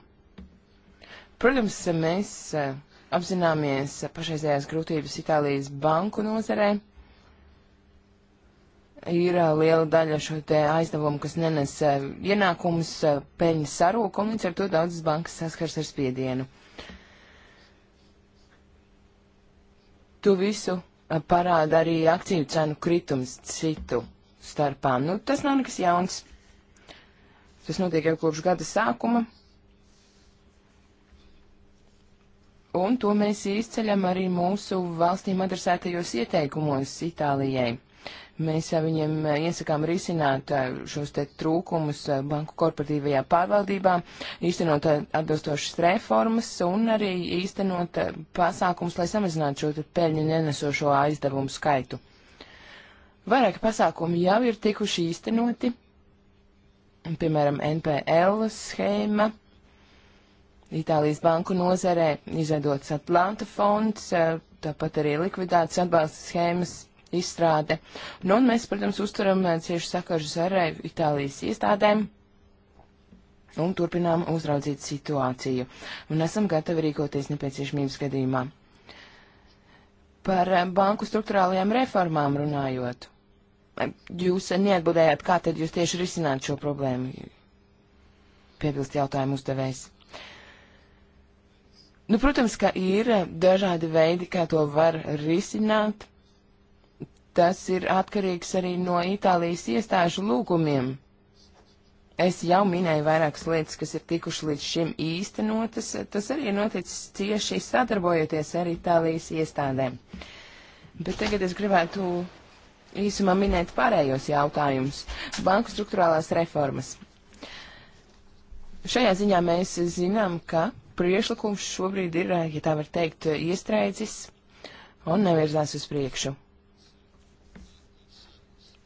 Protams, mēs uh, apzināmies pašreizējās grūtības Itālijas banku nozarē. Ir liela daļa šo te aizdevumu, kas nenes ienākumus, peļņas sarūk, un līdz ar to daudzas bankas saskars ar spiedienu. To visu parāda arī akciju cenu kritums citu starpā. Nu, tas nav nekas jauns. Tas notiek jau kopš gada sākuma. un to mēs izceļam arī mūsu valstīm adresētajos ieteikumos Itālijai. Mēs viņiem iesakām risināt šos te trūkumus banku korporatīvajā pārvaldībā, īstenot atbilstošas reformas un arī īstenot pasākums, lai samazinātu šo peļņu nenesošo aizdevumu skaitu. Vairāki pasākumi jau ir tikuši īstenoti, piemēram, NPL schēma Itālijas banku nozarē izveidots Atlanta fonds, eh, tāpat arī likvidācijas atbalsta schēmas izstrāde. Nu, un mēs, protams, uzturam eh, cieši sakaržus ar eh, Itālijas iestādēm un turpinām uzraudzīt situāciju. Un esam gatavi rīkoties nepieciešamības gadījumā. Par banku struktūrālajām reformām runājot. Jūs neatbildējāt, kā tad jūs tieši risināt šo problēmu? Piebilst jautājumu uzdevējs. Nu, protams, ka ir eh, dažādi veidi, kā to var risināt. Tas ir atkarīgs arī no Itālijas iestāžu lūgumiem. Es jau minēju vairākas lietas, kas ir tikuši līdz šim īstenotas. Tas arī ir noticis cieši sadarbojoties ar Itālijas iestādēm. Bet tagad es gribētu īsumā minēt pārējos jautājumus. Banku struktūrālās reformas. Šajā ziņā mēs zinām, ka priešlikums šobrīd ir, eh, ja tā var teikt, eh, iestrēdzis un nevirzās uz priekšu.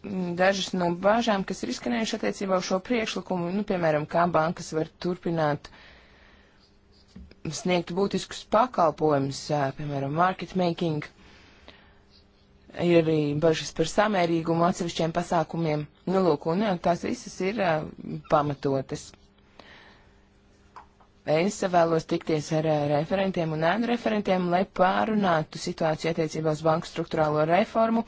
Mm, dažas no bāžām, kas ir izskanējušas attiecībā uz šo priekšlikumu, nu, piemēram, kā bankas var turpināt sniegt būtiskus pakalpojumus, eh, piemēram, market making, ir arī bažas par samērīgumu atsevišķiem pasākumiem. Nu, lūk, un tās visas ir pamatotas. Es vēlos tikties ar eh, referentiem un ēnu referentiem, lai pārunātu situāciju attiecībā uz banku struktūrālo reformu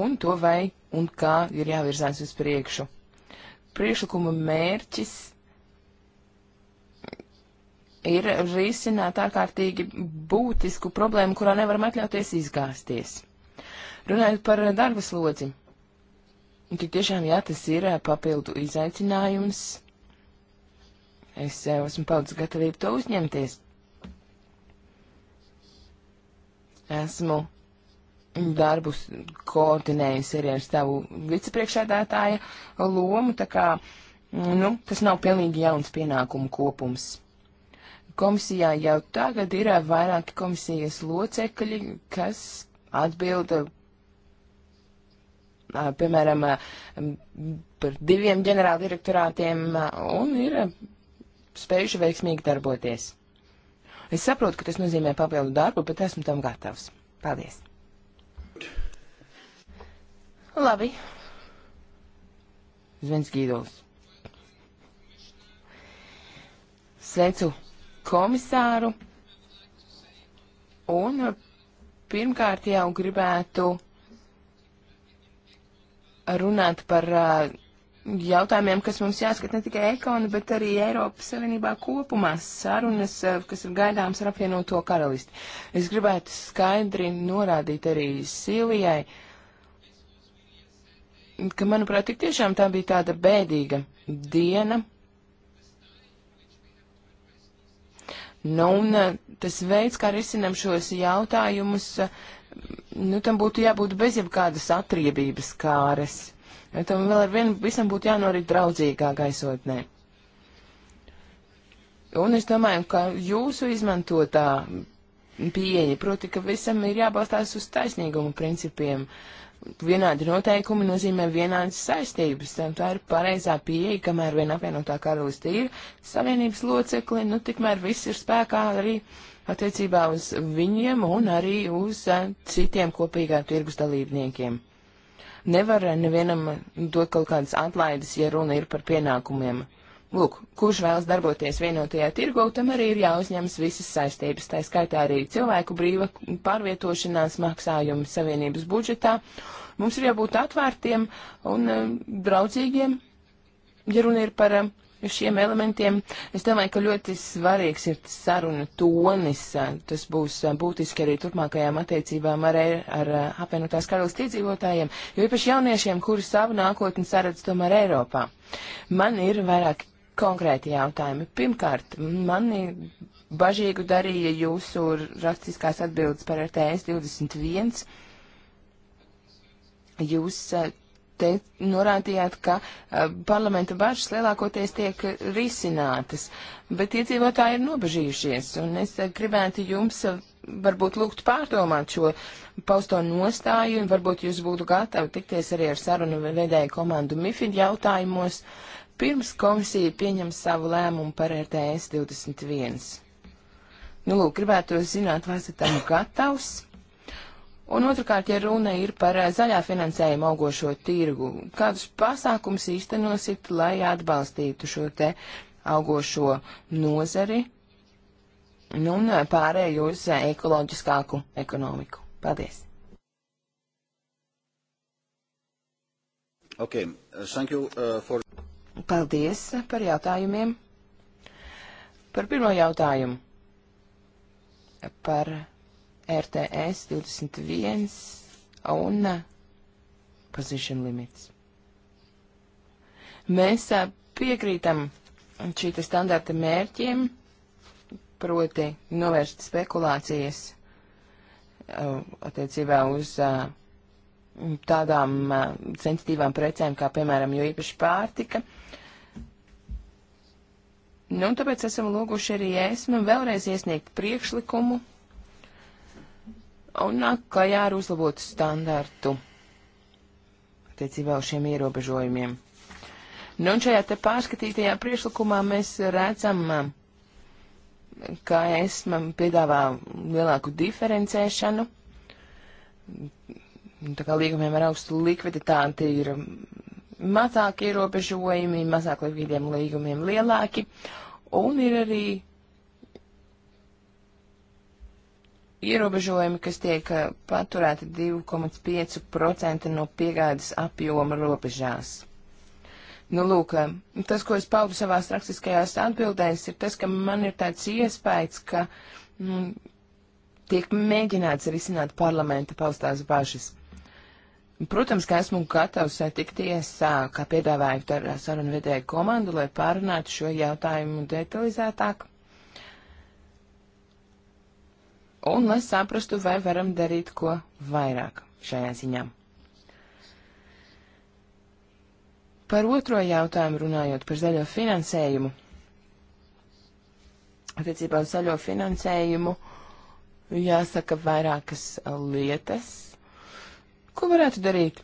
un to vai un kā ir jāvirzās uz priekšu. Priekšlikuma mērķis ir risināt ārkārtīgi būtisku problēmu, kurā nevaram atļauties izgāzties. Runājot par eh, darba slodzi, tik tiešām jā, tas ir eh, papildu izaicinājums Es jau esmu paudzis gatavību to uzņemties. Esmu darbus koordinējusi arī ar savu vicepriekšēdētāja lomu, tā kā, nu, tas nav pilnīgi jauns pienākumu kopums. Komisijā jau tagad ir vairāki komisijas locekļi, kas atbilda, piemēram, par diviem ģenerāldirektorātiem un ir spējuši veiksmīgi darboties. Es saprotu, ka tas nozīmē papildu darbu, bet esmu tam gatavs. Paldies! Labi. Zvens Gīdols. Sveicu komisāru. Un pirmkārt jau gribētu runāt par uh, jautājumiem, kas mums jāskat ne tikai ekonu, bet arī Eiropas Savienībā kopumā sarunas, eh, kas ir gaidāms ar apvienoto karalisti. Es gribētu skaidri norādīt arī Sīlijai, ka, manuprāt, tik tiešām tā bija tāda bēdīga diena. Nu, un eh, tas veids, kā risinam šos jautājumus, eh, nu, tam būtu jābūt bez jebkādas atriebības kāres. Tam vēl ar vienu visam būtu jānorit draudzīgā gaisotnē. Un es domāju, ka jūsu izmantotā pieeja, proti, ka visam ir jābalstās uz taisnīgumu principiem. Vienādi noteikumi nozīmē vienādas saistības. Tā ir pareizā pieeja, kamēr vien apvienotā karaliste ir savienības locekli, nu tikmēr viss ir spēkā arī attiecībā uz viņiem un arī uz uh, citiem kopīgā tirgus dalībniekiem. Nevar nevienam dot kaut kādas atlaides, ja runa ir par pienākumiem. Lūk, kurš vēlas darboties vienotajā tirgū, tam arī ir jāuzņemas visas saistības, tā skaitā arī cilvēku brīva pārvietošanās maksājumi savienības budžetā. Mums ir jābūt atvērtiem un eh, draudzīgiem, ja runa ir par uh, šiem elementiem. Es domāju, ka ļoti svarīgs ir sarunu tonis. Tas būs uh, būtiski arī turpmākajām attiecībām ar, ar uh, apvienotās karalists iedzīvotājiem, jo īpaši jauniešiem, kuri savu nākotni saredz tomēr Eiropā. Man ir vairāk konkrēti jautājumi. Pirmkārt, mani bažīgu darīja jūsu rakstiskās atbildes par RTS 21. Jūs uh, te norādījāt, ka uh, parlamenta bažas lielākoties tiek risinātas, bet iedzīvotāji ir nobežījušies, un es uh, gribētu jums uh, varbūt lūgt pārdomāt šo pausto nostāju, un varbūt jūs būtu gatavi tikties arī ar sarunu vedēju komandu MIFID jautājumos, pirms komisija pieņem savu lēmumu par RTS 21. Nu, lūk, gribētu zināt, vai esat tam gatavs. Un otrkārt, ja runa ir par eh, zaļā finansējuma augošo tirgu, kādus pasākums īstenosit, lai atbalstītu šo te augošo nozari nu, un eh, pārēju uz eh, ekoloģiskāku ekonomiku? Paldies! Okay. Uh, thank you, uh, for... Paldies par jautājumiem. Par pirmo jautājumu. Par RTS 21 un uh, position limits. Mēs uh, piekrītam šīta standarta mērķiem, proti novērst spekulācijas uh, attiecībā uz tādām sensitīvām precēm, kā piemēram, jo īpaši pārtika. Nu, tāpēc esam lūguši arī ESMA vēlreiz iesniegt priekšlikumu un nāk klajā ar uzlabotu standartu attiecībā uz šiem ierobežojumiem. Nu, un šajā te pārskatītajā priešlikumā mēs redzam, ka es man piedāvā lielāku diferencēšanu. Nu, tā kā līgumiem ar augstu likviditāti ir mazāk ierobežojumi, mazāk likvidiem līgumiem lielāki, un ir arī ierobežojumi, kas tiek eh, paturēti 2,5% no piegādes apjoma robežās. Nu, lūk, eh, tas, ko es paudu savās rakstiskajās atbildēs, ir tas, ka man ir tāds iespējas, ka nu, tiek mēģināts risināt parlamenta paustās bažas. Protams, ka esmu gatavs eh, tikties, kā piedāvāju ar sarunu vedēju komandu, lai pārunātu šo jautājumu detalizētāk. un lai saprastu, vai varam darīt ko vairāk šajā ziņā. Par otro jautājumu runājot par zaļo finansējumu. Attiecībā uz zaļo finansējumu jāsaka vairākas lietas. Ko varētu darīt?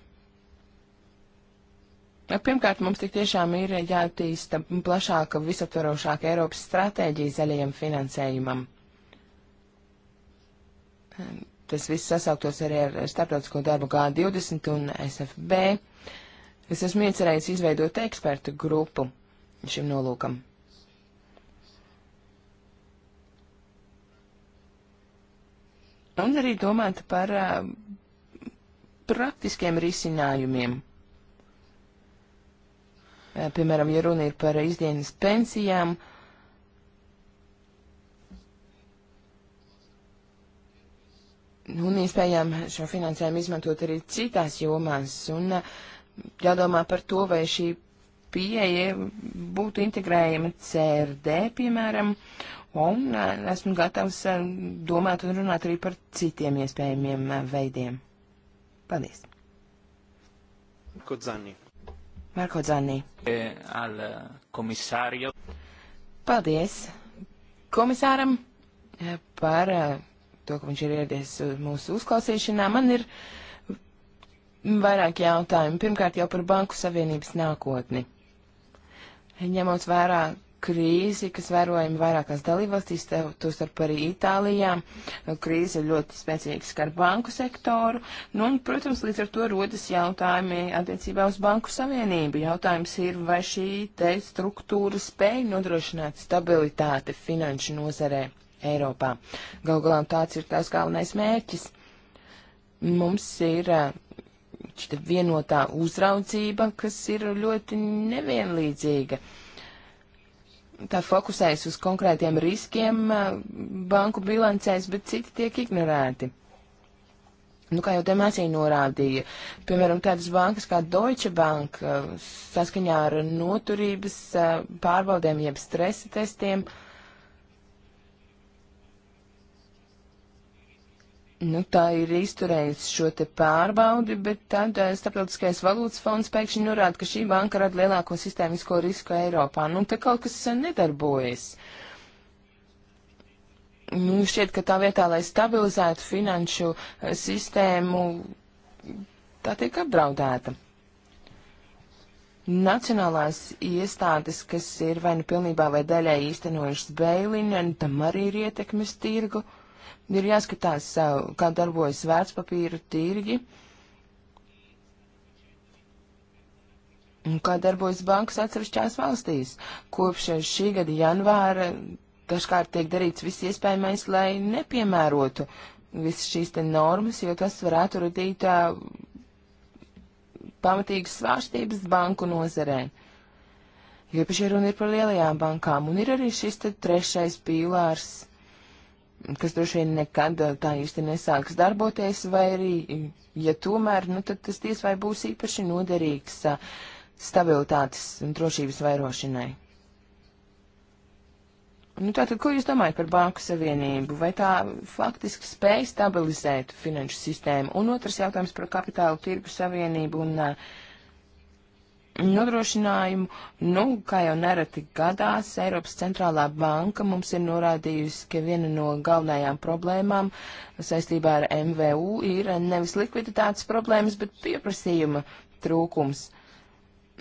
Pirmkārt, mums tik tiešām ir jātīsta plašāka, visaptvarošāka Eiropas stratēģija zaļajam finansējumam. Tas viss sasauktos arī ar starptautisko darbu G20 un SFB. Es esmu iecerējis izveidot ekspertu grupu šim nolūkam. Un arī domāt par uh, praktiskiem risinājumiem. Uh, piemēram, ja runa ir par izdienas pensijām, uh, un iespējām šo finansējumu izmantot arī citās jomās. Un eh, jādomā par to, vai šī pieeja būtu integrējama CRD, piemēram, un eh, esmu gatavs eh, domāt un runāt arī par citiem iespējamiem veidiem. Paldies! Marko Zanni. Marko Zanni. E, al komisārio. Paldies komisāram par to, ka viņš ir ieradies uh, mūsu uzklausīšanā. Man ir vairāk jautājumu. Pirmkārt jau par Banku Savienības nākotni. Ņemot vērā krīzi, kas vērojama vairākās dalībvalstīs, tostarp arī Itālijā. Krīze ļoti spēcīgi skar banku sektoru. Nu, un, protams, līdz ar to rodas jautājumi attiecībā uz banku savienību. Jautājums ir, vai šī te struktūra spēja nodrošināt stabilitāti finanšu nozarē. Eiropā. Galu galā tāds ir tās galvenais mērķis. Mums ir šita vienotā uzraudzība, kas ir ļoti nevienlīdzīga. Tā fokusējas uz konkrētiem riskiem banku bilancēs, bet citi tiek ignorēti. Nu, kā jau te mācīja norādīja, piemēram, tādas bankas kā Deutsche Bank saskaņā ar noturības pārbaudēm jeb stresa testiem uh, Nu, tā ir izturējusi šo te pārbaudi, bet tad eh, Starptautiskais valūtas fonds pēkšņi norāda, ka šī banka rada lielāko sistēmisko risku Eiropā. Nu, te kaut kas eh, nedarbojas. Nu, šķiet, ka tā vietā, lai stabilizētu finanšu eh, sistēmu, tā tiek apdraudēta. Nacionālās iestādes, kas ir vai nu pilnībā vai daļai īstenojušas beilinu, tam arī ir ietekmes tirgu. Uh, Ir jāskatās, kā darbojas vērtspapīra tirgi, un kā darbojas bankas atsevišķās valstīs. Kopš šī gada janvāra dažkārt tiek darīts viss iespējamais, lai nepiemērotu visas šīs te normas, jo tas varētu radīt pamatīgas svārstības banku nozarē. Jo pie šī runa ir par lielajām bankām, un ir arī šis te trešais pīlārs kas droši vien nekad eh, tā īsti nesāks darboties, vai arī, eh, ja tomēr, nu, tad tas diez vai būs īpaši noderīgs eh, stabilitātes un drošības vairošanai. Nu, tātad, ko jūs domājat par Banku Savienību? Vai tā faktiski spēj stabilizēt finanšu sistēmu? Un otrs jautājums par kapitālu tirgu savienību un uh, nodrošinājumu. Nu, kā jau nereti gadās, Eiropas centrālā banka mums ir norādījusi, ka viena no galvenajām problēmām saistībā ar MVU ir nevis likviditātes problēmas, bet pieprasījuma trūkums.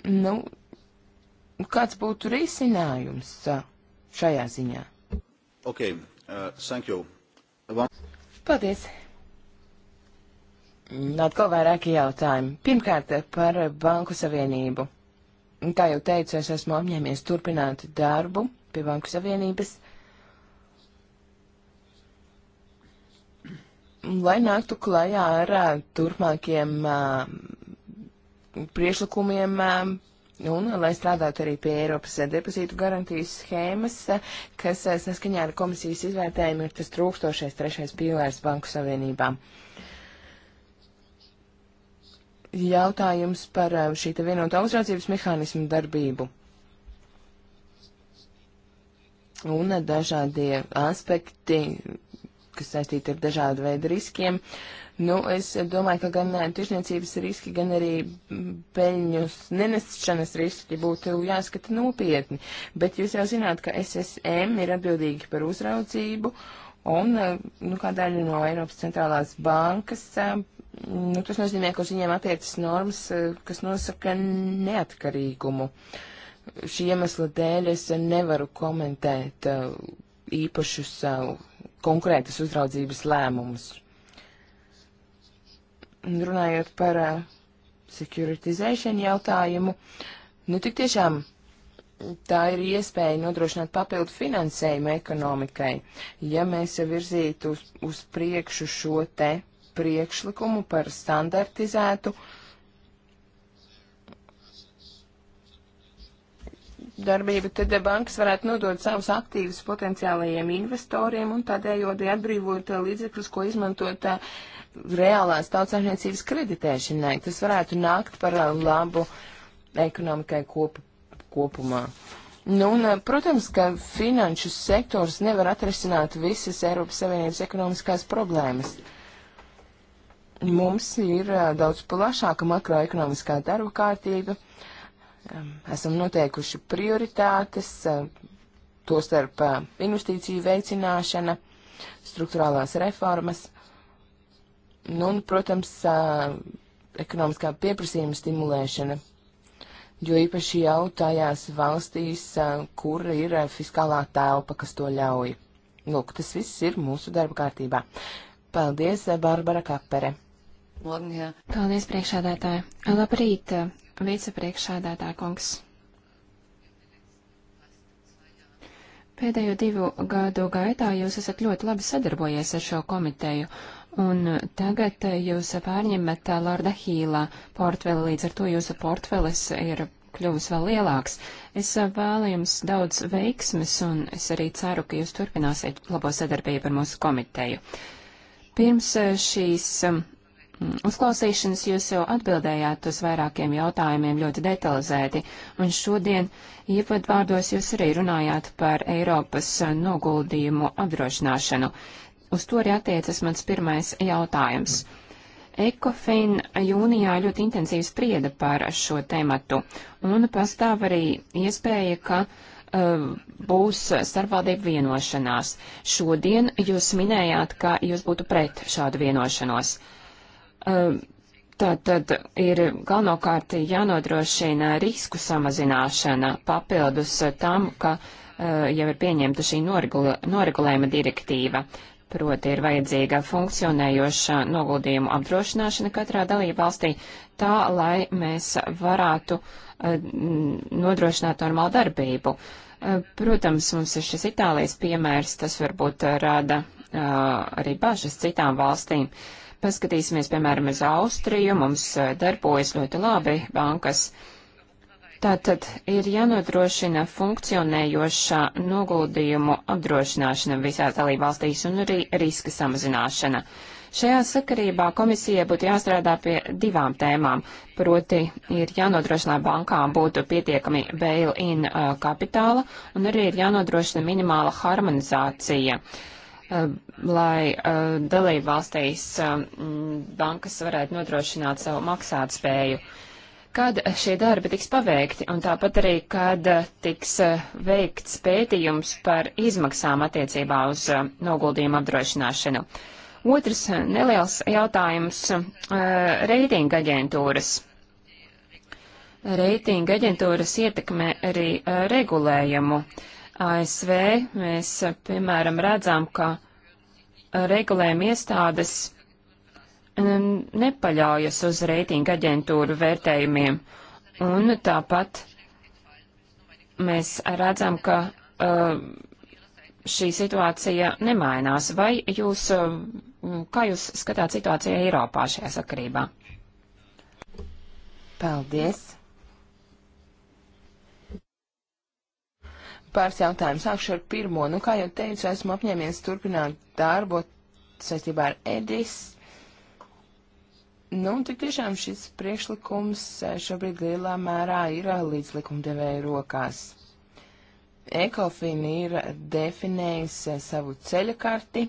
Nu, kāds būtu risinājums šajā ziņā? Okay, uh, thank you. One... Paldies. Mm, atkal vairāki jautājumi. Pirmkārt, par Banku Savienību. Kā jau teicu, es esmu apņēmies turpināt darbu pie Banku Savienības, lai nāktu klajā ar turpmākiem priešlikumiem un lai strādātu arī pie Eiropas depozītu garantijas schēmas, kas saskaņā ar komisijas izvērtējumu ir tas trūkstošais trešais pīlārs Banku Savienībām jautājums par eh, šī te vienotā uzraudzības mehānismu darbību. Un eh, dažādie aspekti, kas saistīti ar dažādu veidu riskiem. Nu, es domāju, ka gan eh, tirsniecības riski, gan arī mm, peļņus nenesšanas riski būtu jāskata nopietni. Bet jūs jau zināt, ka SSM ir atbildīgi par uzraudzību un nu, kā daļa no Eiropas centrālās bankas Nu, tas nozīmē, ka uz viņiem attiecas normas, eh, kas nosaka neatkarīgumu. Šī iemesla dēļ es nevaru komentēt eh, īpašus eh, konkrētas uzraudzības lēmumus. Runājot par securitizēšanu jautājumu, nu tik tiešām tā ir iespēja nodrošināt papildu finansējumu ekonomikai, ja mēs virzītu uz, uz priekšu šo te priekšlikumu par standartizētu darbību, tad bankas varētu nodot savus aktīvus potenciālajiem investoriem un tādējādi atbrīvot līdzekļus, ko izmantot uh, reālās tautsāžniecības kreditēšanai. Tas varētu nākt par uh, labu ekonomikai kop, kopumā. Nu, un, uh, protams, ka finanšu sektors nevar atrisināt visas Eiropas Savienības ekonomiskās problēmas. Uh, Mums ir daudz plašāka makroekonomiskā darba kārtība. Esam noteikuši prioritātes, tostarp investīciju veicināšana, struktūrālās reformas, nu, un, protams, ekonomiskā pieprasījuma stimulēšana, jo īpaši jau tajās valstīs, kur ir fiskālā telpa, kas to ļauj. Lūk, tas viss ir mūsu darba kārtībā. Paldies, Bārbara Kapere! Paldies, priekšādātāji. Labrīt, vicepriekšādātā kungs. Pēdējo divu gadu gaitā jūs esat ļoti labi sadarbojies ar šo komiteju, un tagad jūs pārņemat Lorda Hīla portfeli, līdz ar to jūsu portfelis ir kļuvis vēl lielāks. Es vēlu jums daudz veiksmes, un es arī ceru, ka jūs turpināsiet labo sadarbību ar mūsu komiteju. Pirms šīs uzklausīšanas jūs jau atbildējāt uz vairākiem jautājumiem ļoti detalizēti, un šodien ievadvārdos jūs arī runājāt par Eiropas noguldījumu apdrošināšanu. Uz to arī attiecas mans pirmais jautājums. Ekofin jūnijā ļoti intensīvi sprieda par šo tematu, un pastāv arī iespēja, ka uh, būs starpvaldību vienošanās. Šodien jūs minējāt, ka jūs būtu pret šādu vienošanos. Uh, Ehm, tātad ir galvenokārt jānodrošina risku samazināšana papildus eh, tam, ka eh, jau ir pieņemta šī noregulē, noregulējuma direktīva. Proti ir vajadzīga funkcionējoša noguldījumu apdrošināšana katrā dalībvalstī, tā lai mēs varētu eh, nodrošināt normālu darbību. Protams, mums ir šis Itālijas piemērs, tas varbūt rada arī bažas citām valstīm. Uh, paskatīsimies, piemēram, uz Austriju, mums eh, darbojas ļoti labi bankas. Tātad ir jānodrošina funkcionējošā noguldījumu apdrošināšana visās dalībvalstīs un arī riska samazināšana. Šajā sakarībā komisija būtu jāstrādā pie divām tēmām, proti ir jānodrošina, lai bankām būtu pietiekami bail-in uh, kapitāla un arī ir jānodrošina minimāla harmonizācija. Uh, Um, lai uh, dalību valstīs um, bankas varētu nodrošināt savu maksātspēju. Kad šie darbi tiks paveikti, un tāpat arī, kad tiks uh, veikts pētījums par izmaksām attiecībā uz uh, noguldījumu apdrošināšanu. Otrs neliels jautājums - reitinga aģentūras. Reitinga aģentūras ietekmē arī regulējumu. Uh, ASV mēs, piemēram, redzam, ka regulējuma iestādes nepaļaujas uz reitinga aģentūru vērtējumiem. Un tāpat mēs redzam, ka uh, šī situācija nemainās. Vai jūs, uh, kā jūs skatāt situāciju Eiropā šajā sakarībā? Paldies! Pāris jautājumu. Sākšu ar pirmo. Nu, kā jau teicu, esmu apņēmies turpināt darbu saistībā ar Edis. Nu, tik tiešām šis priekšlikums eh, šobrīd lielā mērā ir eh, līdz likumdevēju rokās. Ekofin ir definējis eh, savu ceļakarti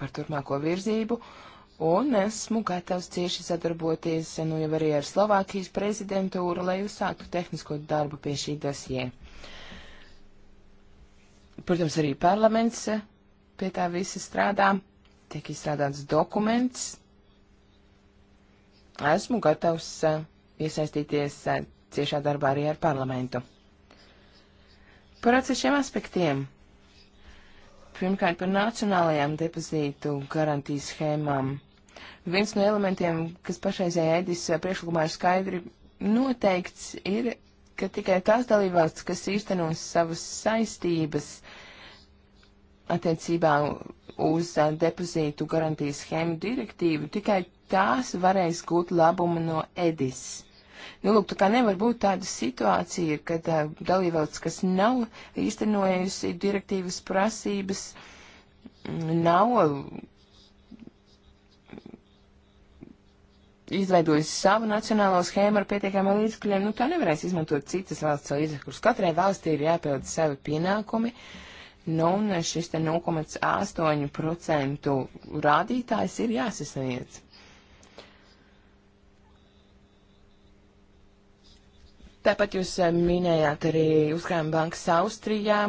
par turpmāko virzību. Uh, un esmu gatavs cieši sadarboties nu jau arī ar Slovākijas prezidentūru, lai uzsāktu tehnisko darbu pie šī dosie. Protams, arī parlaments eh, pie tā visa strādā, tiek izstrādāts dokuments. Esmu gatavs eh, iesaistīties eh, ciešā darbā arī ar parlamentu. Par atsevišķiem aspektiem pirmkārt par nacionālajām depozītu garantijas schēmām. Viens no elementiem, kas pašreizējā ēdis priekšlikumā ir skaidri noteikts, ir, ka tikai tās dalībvalsts, kas īstenos savas saistības attiecībā uz depozītu garantijas schēmu direktīvu, tikai tās varēs gūt labumu no ēdis. Nu, lūk, tā kā nevar būt tāda situācija, kad uh, dalībvalsts, kas nav īstenojusi direktīvas prasības, nav izveidojusi savu nacionālo schēmu ar pietiekamiem līdzekļiem, nu tā nevarēs izmantot citas valsts līdzekļus. Katrai valstī ir jāpild savi pienākumi, nu un šis te 0,8% rādītājs ir jāsasniedz. Tāpat jūs eh, minējāt arī uzkrājuma bankas Austrijā,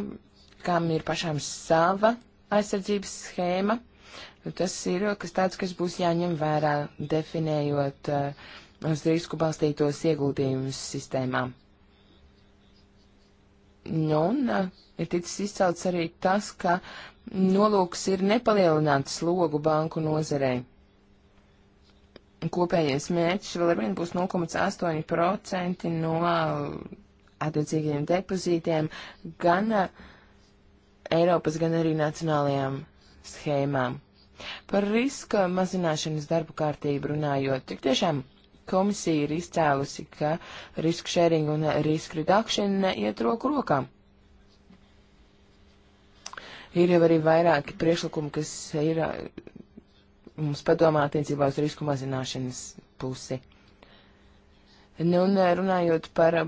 kam ir pašām sava aizsardzības schēma. Nu, tas ir kas tāds, kas būs jāņem vērā, definējot uh, uz risku balstītos ieguldījumus sistēmā. Nu, un uh, ir ticis izcelts arī tas, ka nolūks ir nepalielināt slogu banku nozarei. Kopējais mērķis vēl arvien būs 0,8% no attiecīgajiem depozītiem gan uh, Eiropas, gan arī nacionālajām schēmām. Par riska mazināšanas darbu kārtību runājot, tik tiešām komisija ir izcēlusi, ka risk sharing un risk reduction iet roku rokā. Ir jau arī vairāki priešlikumi, kas ir uh, mums padomā attiecībā uz risku mazināšanas pusi. Nu, un uh, runājot par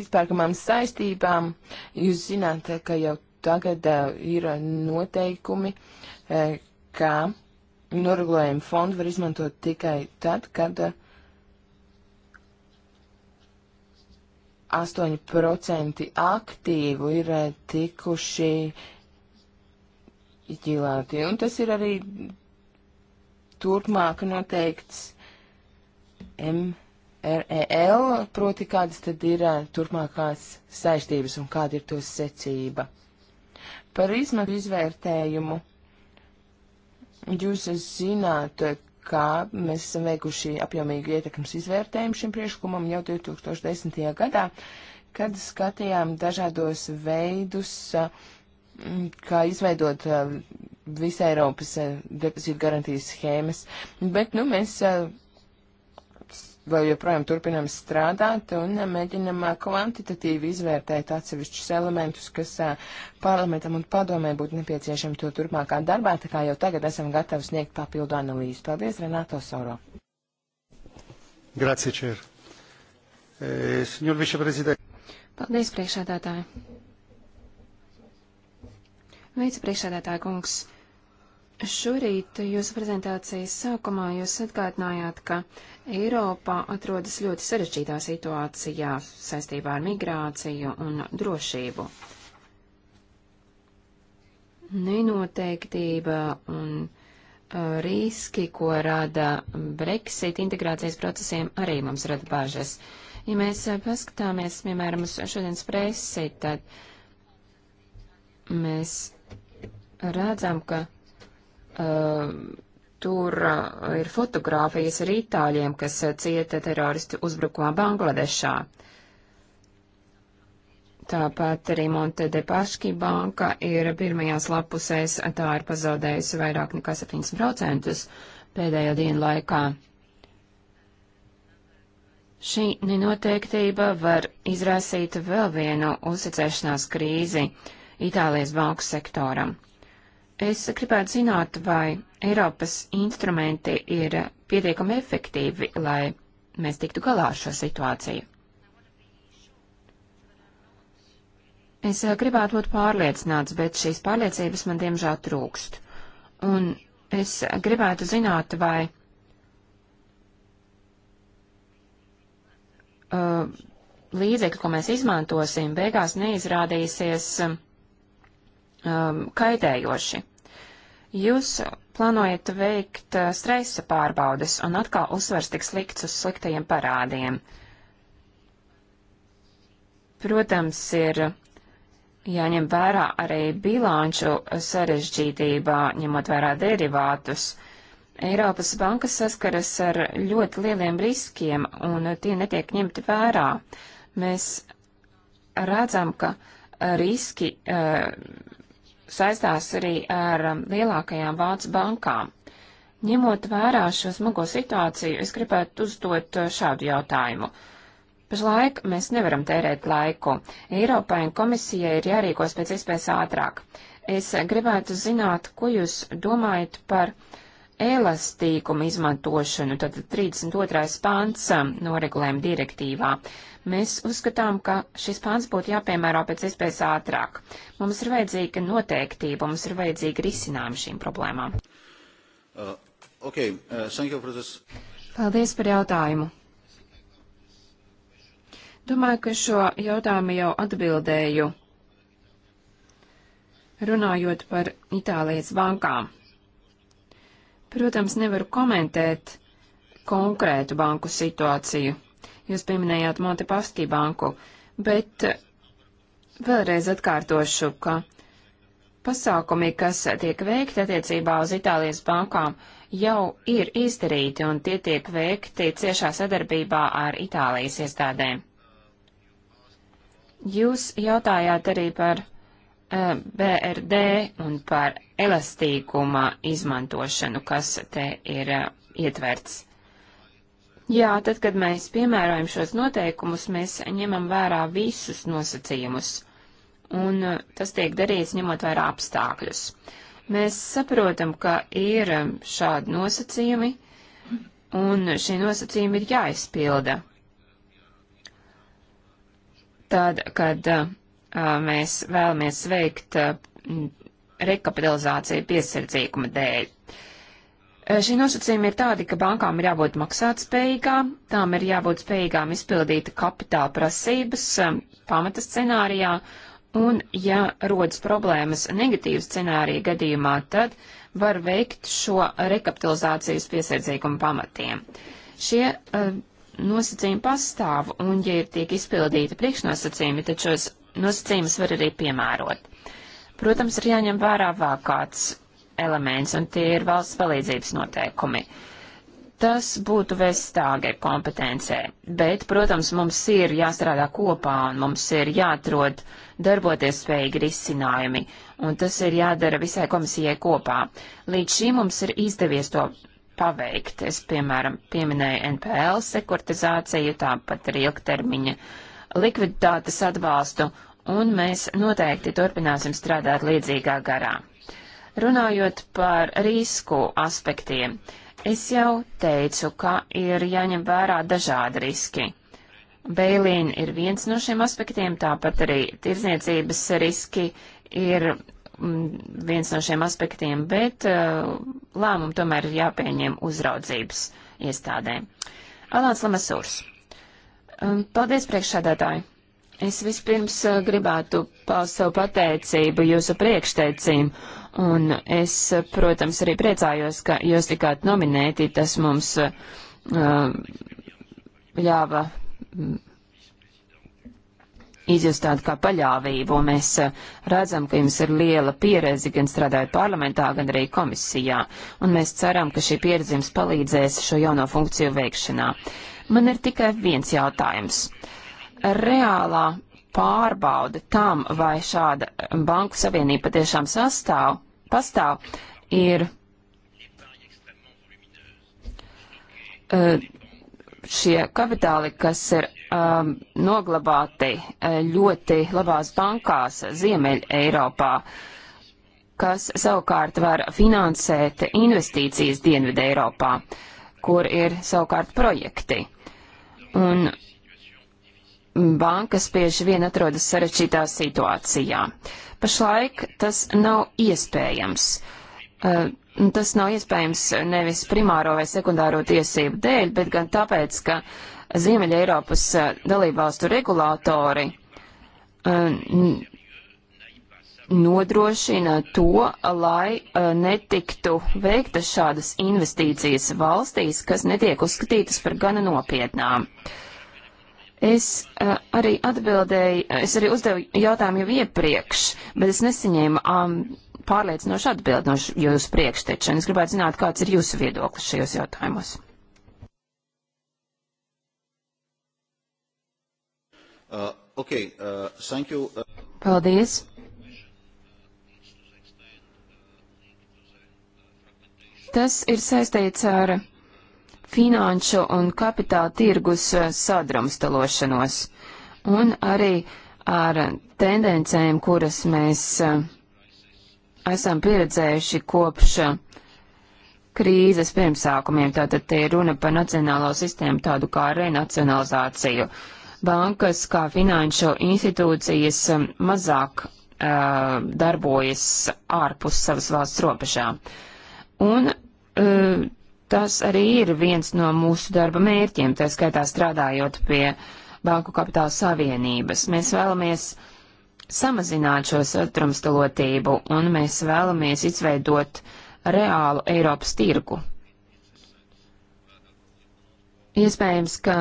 vispārkamām uh, saistībām, jūs zināt, ka jau tagad ir noteikumi, ka noregulējumu fondu var izmantot tikai tad, kad 8% aktīvu ir tikuši ģilāti. Un tas ir arī turpmāk noteikts MREL, proti kādas tad ir turpmākās saistības un kāda ir to secība. Par izmetu izvērtējumu jūs zināt, ka mēs esam veikuši apjomīgu ietekmes izvērtējumu šim priekšlikumam jau 2010. gadā, kad skatījām dažādos veidus, kā izveidot uh, visai Eiropas uh, depozītu garantijas schēmas, bet, nu, mēs uh, vēl joprojām turpinam strādāt un mēģinam kvantitatīvi izvērtēt atsevišķus elementus, kas parlamentam un padomē būtu nepieciešami to turpmākā darbā, tā kā jau tagad esam gatavi sniegt papildu analīzi. Paldies, Renato Soro. Grazie, Čēr. E, eh, signor viceprezident. Paldies, priekšādātāji. Vicepriekšādātāja kungs. Šorīt jūsu prezentācijas sākumā jūs atgādinājāt, ka Eiropā atrodas ļoti sarežģītā situācijā saistībā ar migrāciju un drošību. Nenoteiktība un riski, ko rada Brexit integrācijas procesiem, arī mums rada bažas. Ja mēs paskatāmies, piemēram, uz šodienas presi, tad mēs redzam, ka uh, Tur uh, ir fotogrāfijas ar itāļiem, kas uh, cieta teroristu uzbrukumā Bangladešā. Tāpat arī Monte de Paški banka ir pirmajās lapusēs, tā ir pazaudējusi vairāk nekā 7% pēdējo dienu laikā. Šī nenoteiktība var izraisīt vēl vienu uzticēšanās krīzi Itālijas banku sektoram. Es gribētu zināt, vai Eiropas instrumenti ir pietiekami efektīvi, lai mēs tiktu galā ar šo situāciju. Es eh, gribētu būt pārliecināts, bet šīs pārliecības man diemžēl trūkst. Un es gribētu zināt, vai uh, līdzekļi, ko mēs izmantosim, beigās neizrādīsies uh, um, kaitējoši. Jūs plānojat veikt uh, stresa pārbaudes, un atkal uzsvars tiks likts uz sliktajiem parādiem. Protams, ir jāņem vērā arī bilanču sarežģītībā, ņemot vērā derivātus. Eiropas bankas saskaras ar ļoti lieliem riskiem, un tie netiek ņemti vērā. Mēs redzam, ka riski uh, saistās arī ar um, lielākajām Vācu bankām. Ņemot vērā šo smago situāciju, es gribētu uzdot uh, šādu jautājumu. Pašlaik mēs nevaram tērēt laiku. Eiropai un komisijai ir jārīkos pēc iespējas ātrāk. Es gribētu zināt, ko jūs domājat par uh, elastīgumu izmantošanu, tad 32. pāns um, noregulējuma direktīvā. Mēs uzskatām, ka šis pāns būtu jāpiemēro pēc iespējas ātrāk. Mums ir vajadzīga noteiktība, mums ir vajadzīga risinājuma šīm problēmām. Uh, okay. uh, Paldies par jautājumu. Domāju, ka šo jautājumu jau atbildēju, runājot par Itālijas bankām. Protams, nevaru komentēt konkrētu banku situāciju. Jūs pieminējāt Monte Pasti banku, bet eh, vēlreiz atkārtošu, ka pasākumi, kas tiek veikti attiecībā uz Itālijas bankām, jau ir izdarīti un tie tiek veikti ciešā sadarbībā ar Itālijas iestādēm. Jūs jautājāt arī par BRD un par elastīguma izmantošanu, kas te ir eh, ietverts. Jā, tad, kad mēs piemērojam šos noteikumus, mēs ņemam vērā visus nosacījumus, un eh, tas tiek darīts ņemot vērā apstākļus. Mēs saprotam, ka ir eh, šādi nosacījumi, un šie nosacījumi ir jāizpilda. Tad, kad mēs vēlamies veikt rekapitalizāciju piesardzīguma dēļ. Šī nosacījuma ir tāda, ka bankām ir jābūt maksātspējīgām, tām ir jābūt spējīgām izpildīt kapitāla prasības pamata scenārijā, un, ja rodas problēmas negatīvas scenārija gadījumā, tad var veikt šo rekapitalizācijas piesardzīgumu pamatiem. Šie uh, nosacījumi pastāv, un, ja ir tiek izpildīti priekšnosacījumi, tad šos nosacījumus var arī piemērot. Protams, ir jāņem vērā vēl kāds elements, un tie ir valsts palīdzības noteikumi. Tas būtu vestāgai kompetencē, bet, protams, mums ir jāstrādā kopā un mums ir jāatrod darboties spējīgi risinājumi, un tas ir jādara visai komisijai kopā. Līdz šim mums ir izdevies to paveikt. Es, piemēram, pieminēju NPL sekurtizāciju, tāpat arī ilgtermiņa uh, likviditātes atbalstu, un mēs noteikti turpināsim strādāt līdzīgā garā. Runājot par risku aspektiem, es jau teicu, ka ir jāņem vērā dažādi riski. Beilīna ir viens no šiem aspektiem, tāpat arī tirzniecības riski ir mm, viens no šiem aspektiem, bet uh, lēmumu tomēr ir jāpieņem uzraudzības iestādēm. Alāns Lamasūrs. Um, paldies, priekšsēdētāji! Es vispirms uh, gribētu paust savu pateicību jūsu priekšteicīm, un es, uh, protams, arī priecājos, ka jūs tikāt nominēti, tas mums uh, um, ļāva mm, izjust tādu kā paļāvību, un mēs uh, redzam, ka jums ir liela pieredze gan strādājot parlamentā, gan arī komisijā, un mēs ceram, ka šī pieredze jums palīdzēs šo jauno funkciju veikšanā. Uh, Man ir tikai viens jautājums. Reālā pārbaude tam, vai šāda banku savienība patiešām sastāv, pastāv, ir eh, šie kapitāli, kas ir um, noglabāti eh, ļoti labās bankās Ziemeļa Eiropā, kas savukārt var finansēt investīcijas Dienvidē Eiropā, kur ir savukārt projekti un bankas bieži vien atrodas sarežģītā situācijā. Pašlaik tas nav iespējams. Uh, tas nav iespējams nevis primāro vai sekundāro tiesību dēļ, bet gan tāpēc, ka Ziemeļa Eiropas uh, dalībvalstu regulātori uh, nodrošina to, lai eh, netiktu veiktas šādas investīcijas valstīs, kas netiek uzskatītas par gana nopietnām. Es eh, arī atbildēju, es arī uzdevu jautājumu jau iepriekš, bet es nesaņēmu um, pārliecinošu atbildi no jūsu priekšteča. Es gribētu zināt, kāds ir jūsu viedoklis šajos jautājumos. Uh, okay, uh, thank you. Uh... Paldies. Tas ir saistīts ar finanšu un kapitāla tirgus eh, sadrumstalošanos un arī ar tendencēm, kuras mēs eh, esam pieredzējuši kopš eh, krīzes pirmsākumiem. Tātad te ir runa par nacionālo sistēmu tādu kā renacionalizāciju. Bankas kā finanšu institūcijas mazāk uh, darbojas ārpus savas valsts robežām. Un Eh, tas arī ir viens no mūsu darba mērķiem, tā skaitā strādājot pie Banku kapitāla savienības. Mēs vēlamies samazināt šo satrumstalotību un mēs vēlamies izveidot reālu Eiropas tirgu. Iespējams, ka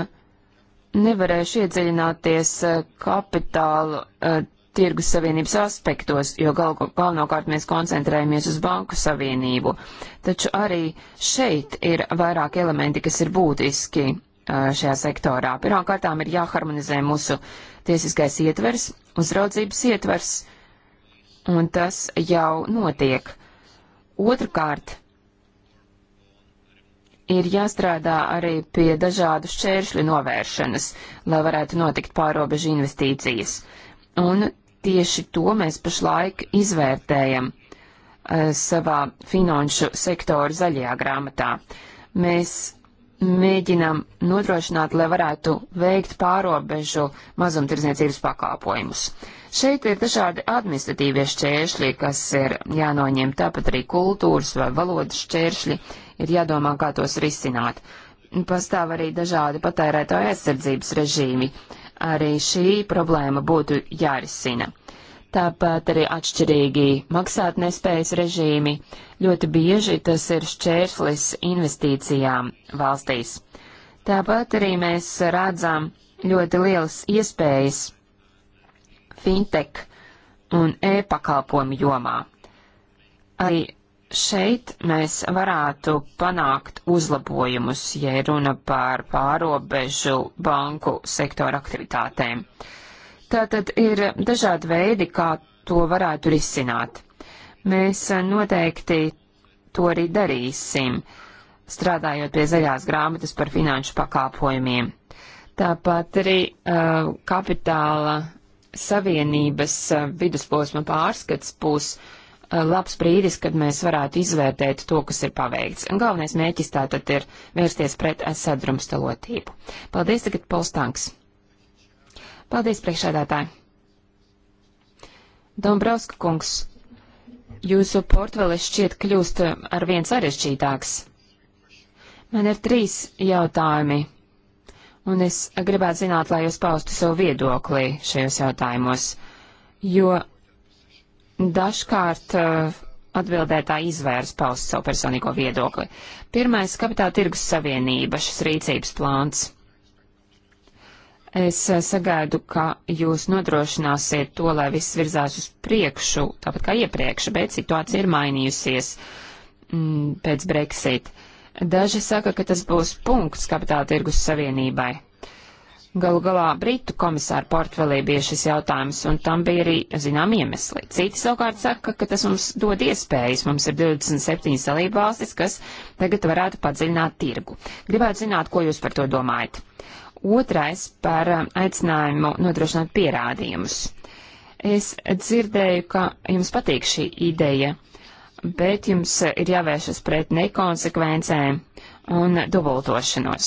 nevarēšu iedziļināties eh, kapitālu eh, tirgus savienības aspektos, jo gal, galvenokārt mēs koncentrējamies uz banku savienību. Taču arī šeit ir vairāk elementi, kas ir būtiski šajā sektorā. Pirmkārt, ir jāharmonizē mūsu tiesiskais ietvers, uzraudzības ietvers, un tas jau notiek. Otrakārt, ir jāstrādā arī pie dažādu šķēršļu novēršanas, lai varētu notikt pārobežu investīcijas. Un Tieši to mēs pašlaik izvērtējam eh, savā finanšu sektora zaļajā grāmatā. Mēs mēģinām nodrošināt, lai varētu veikt pārobežu mazumtirdzniecības pakāpojumus. Šeit ir dažādi administratīvie šķēršļi, kas ir jānoņem, tāpat arī kultūras vai valodas šķēršļi ir jādomā, kā tos risināt. Pastāv arī dažādi patērētāju aizsardzības režīmi. Uh, arī šī problēma būtu jārisina. Tāpat arī atšķirīgi maksātnespējas režīmi. Ļoti bieži tas ir šķērslis investīcijām valstīs. Tāpat arī mēs redzam ļoti lielas iespējas fintech un e-pakalpojumu jomā. Arī šeit mēs varētu panākt uzlabojumus, ja runa par pārobežu banku sektora aktivitātēm. Tātad ir dažādi veidi, kā to varētu risināt. Mēs noteikti to arī darīsim, strādājot pie zaļās grāmatas par finanšu pakāpojumiem. Tāpat arī uh, kapitāla savienības uh, vidusposma pārskats būs uh, Eh, labs brīdis, kad mēs varētu izvērtēt to, kas ir paveikts. Un galvenais mēķis tātad ir vērsties pret eh, sadrumstalotību. Paldies tagad, Polstanks. Paldies, priekšēdētāji. Dombrovska kungs, jūsu portfelis šķiet kļūst eh, ar viens sarežģītāks. Man ir trīs jautājumi, un es gribētu zināt, lai jūs paustu savu viedoklī šajos jautājumos, jo dažkārt uh, atbildētāji izvērs paust savu personīgo viedokli. Pirmais - kapitāla tirgus savienība, šis rīcības plāns. Es uh, sagaidu, ka jūs nodrošināsiet to, lai viss virzās uz priekšu, tāpat kā iepriekš, bet situācija ir mainījusies mm, pēc Brexit. Daži saka, ka tas būs punkts kapitāla tirgus savienībai. Galu galā Britu komisāru portfelī bija šis jautājums, un tam bija arī zinām iemesli. Citi savukārt saka, ka tas mums dod iespējas. Mums ir 27 dalība valstis, kas tagad varētu padziļināt tirgu. Gribētu zināt, ko jūs par to domājat. Otrais par um, aicinājumu nodrošināt pierādījumus. Es dzirdēju, ka jums patīk šī ideja, bet jums ir jāvēršas pret nekonsekvencēm un dubultošanos.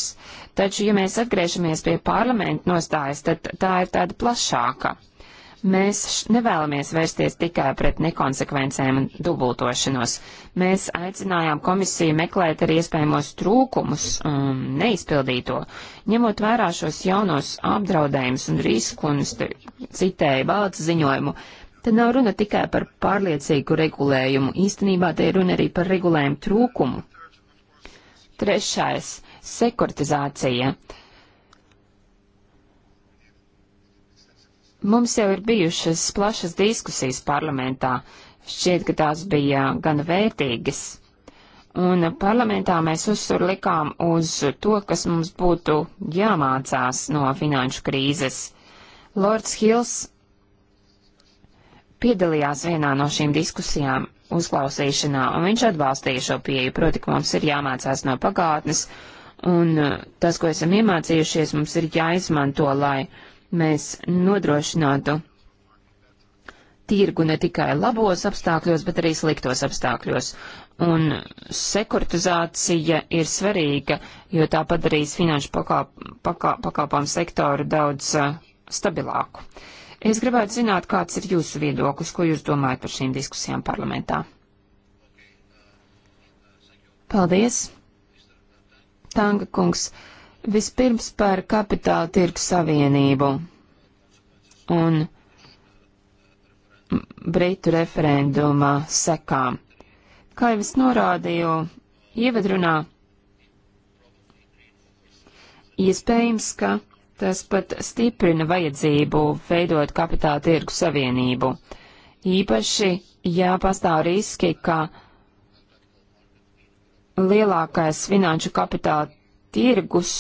Taču, ja mēs atgriežamies pie parlamenta nostājas, tad tā ir tāda plašāka. Mēs nevēlamies vērsties tikai pret nekonsekvencēm un dubultošanos. Mēs aicinājām komisiju meklēt arī iespējamos trūkumus un neizpildīto. Ņemot vērā šos jaunos apdraudējumus un risku, un citēju balts ziņojumu, te nav runa tikai par pārliecīgu regulējumu. Īstenībā te ir runa arī par regulējumu trūkumu. Trešais - sekuritizācija. Mums jau ir bijušas plašas diskusijas parlamentā. Šķiet, ka tās bija gan vērtīgas. Un parlamentā mēs uzsver likām uz to, kas mums būtu jāmācās no finanšu krīzes. Lords Hills piedalījās vienā no šīm diskusijām uzklausīšanā, un viņš atbalstīja šo pieeju. Proti, ka mums ir jāmācās no pagātnes, un uh, tas, ko esam iemācījušies, mums ir jāizmanto, lai mēs nodrošinātu tirgu ne tikai labos apstākļos, bet arī sliktos apstākļos. Un sekurtizācija ir svarīga, jo tā padarīs finanšu pakalpojumu sektoru daudz uh, stabilāku. Uh, Es gribētu zināt, kāds ir jūsu viedoklis, ko jūs domājat par šīm diskusijām parlamentā. Paldies! Tanga kungs, vispirms par kapitāla tirgu savienību un Britu referenduma sekām. Kā jau es norādīju ievadrunā, iespējams, ka Tas pat stiprina vajadzību veidot kapitāla tirgu savienību. Īpaši, ja pastāv riski, ka lielākais finanšu kapitāla tirgus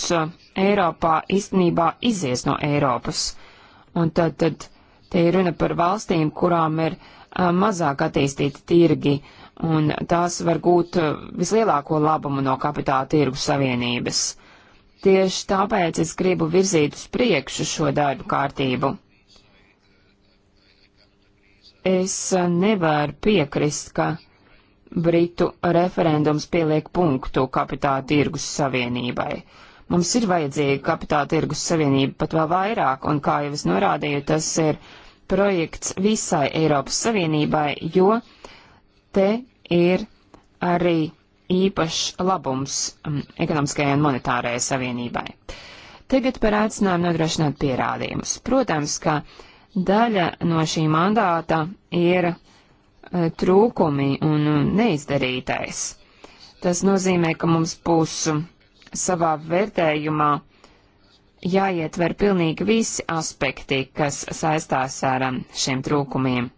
Eiropā īstenībā izies no Eiropas. Un tad, tad te ir runa par valstīm, kurām ir a, mazāk attīstīti tirgi, un tās var gūt vislielāko labumu no kapitāla tirgu savienības. Tieši tāpēc es gribu virzīt uz priekšu šo darbu kārtību. Es nevaru piekrist, ka Britu referendums pieliek punktu kapitāla tirgus savienībai. Mums ir vajadzīga kapitāla tirgus savienība pat vēl vairāk, un kā jau es norādīju, tas ir projekts visai Eiropas Savienībai, jo te ir arī īpašs labums mm, ekonomiskajai un monetārajai savienībai. Tagad par aicinājumu nodrošināt pierādījumus. Protams, ka daļa no šī mandāta ir e, trūkumi un neizdarītais. Tas nozīmē, ka mums būs savā vērtējumā jāietver pilnīgi visi aspekti, kas saistās ar šiem trūkumiem.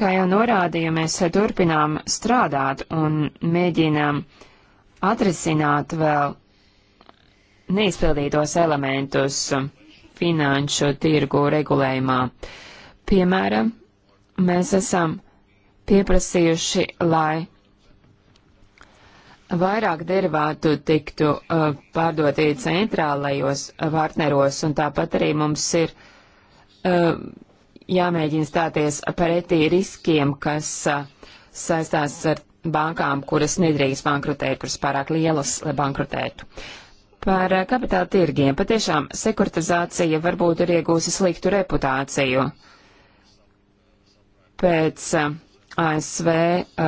Kā jau norādīju, mēs turpinām strādāt un mēģinām atrisināt vēl neizpildītos elementus finanšu tirgu regulējumā. Piemēram, mēs esam pieprasījuši, lai vairāk derivātu tiktu uh, pārdoti centrālajos partneros, un tāpat arī mums ir uh, jāmēģina stāties pretī riskiem, kas saistās ar bankām, kuras nedrīkst bankrutēt, kuras pārāk lielas, lai bankrutētu. Par kapitāla tirgiem patiešām sekuritizācija varbūt ir iegūsi sliktu reputāciju pēc ASV uh,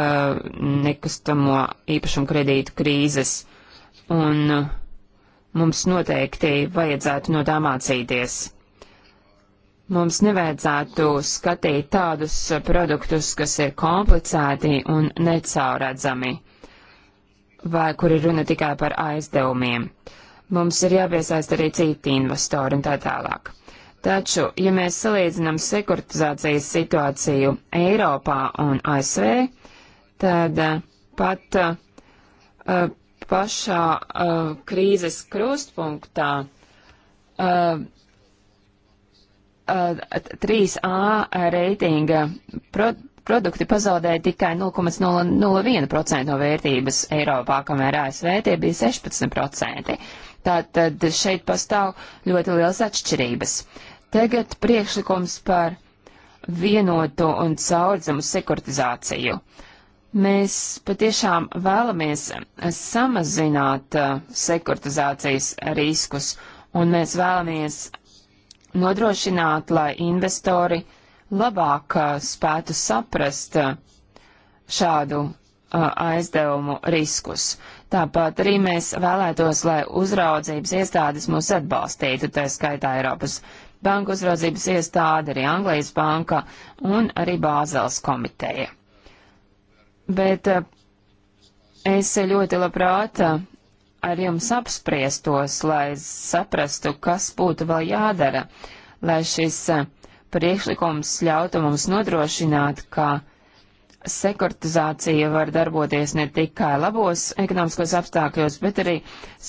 nekustamo īpašumu kredītu krīzes, un mums noteikti vajadzētu no tā mācīties. Mums nevajadzētu skatīt tādus produktus, kas ir komplicēti un necauradzami, vai kur ir runa tikai par aizdevumiem. Mums ir jāpiesaist arī citi investori un tā tālāk. Taču, ja mēs salīdzinām sekuritizācijas situāciju Eiropā un ASV, tad eh, pat uh, pašā uh, krīzes krustpunktā uh, 3A uh, reitinga pro produkti pazaudēja tikai 0,01% no vērtības Eiropā, kamēr ASV tie bija 16%. Tātad šeit pastāv ļoti liels atšķirības. Tagad priekšlikums par vienotu un caurdzumu sekuritizāciju. Mēs patiešām vēlamies samazināt uh, sekuritizācijas riskus, un mēs vēlamies nodrošināt, lai investori labāk uh, spētu saprast uh, šādu uh, aizdevumu riskus. Tāpat arī mēs vēlētos, lai uzraudzības iestādes mūs atbalstītu, tā skaitā Eiropas Banku uzraudzības iestāde, arī Anglijas banka un arī Bāzels komiteja. Bet es ļoti labprāt ar jums apspriestos, lai saprastu, kas būtu vēl jādara, lai šis eh, priekšlikums ļautu mums nodrošināt, ka sekurtizācija var darboties ne tikai labos ekonomiskos apstākļos, bet arī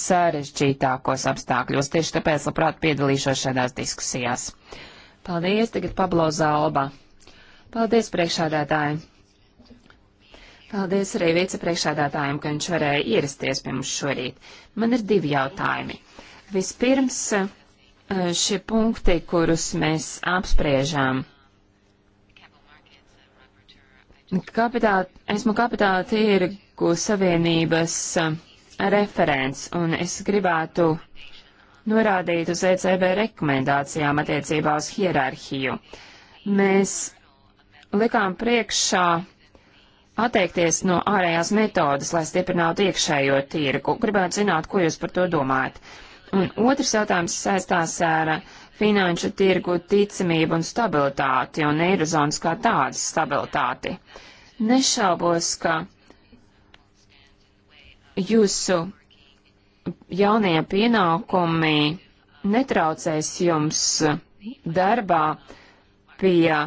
sarežģītākos apstākļos. Tieši tāpēc labprāt piedalīšos šādās diskusijās. Paldies, tagad Pablo Zalba. Paldies, priekšādētāji! Paldies arī vicepriekšādātājiem, ka viņš varēja ierasties pie mums šorīt. Man ir divi jautājumi. Vispirms eh, šie punkti, kurus mēs apspriežām. Kapitāla, esmu kapitāla tirgu savienības eh, referents, un es gribētu norādīt uz ECB rekomendācijām attiecībā uz hierarhiju. Mēs likām priekšā atteikties no ārējās metodas, lai stiprinātu iekšējo tirgu. Gribētu zināt, ko jūs par to domājat. Un otrs jautājums saistās ar finanšu tirgu ticamību un stabilitāti un eirozonas kā tādas stabilitāti. Nešaubos, ka jūsu jaunie pienākumi netraucēs jums darbā pie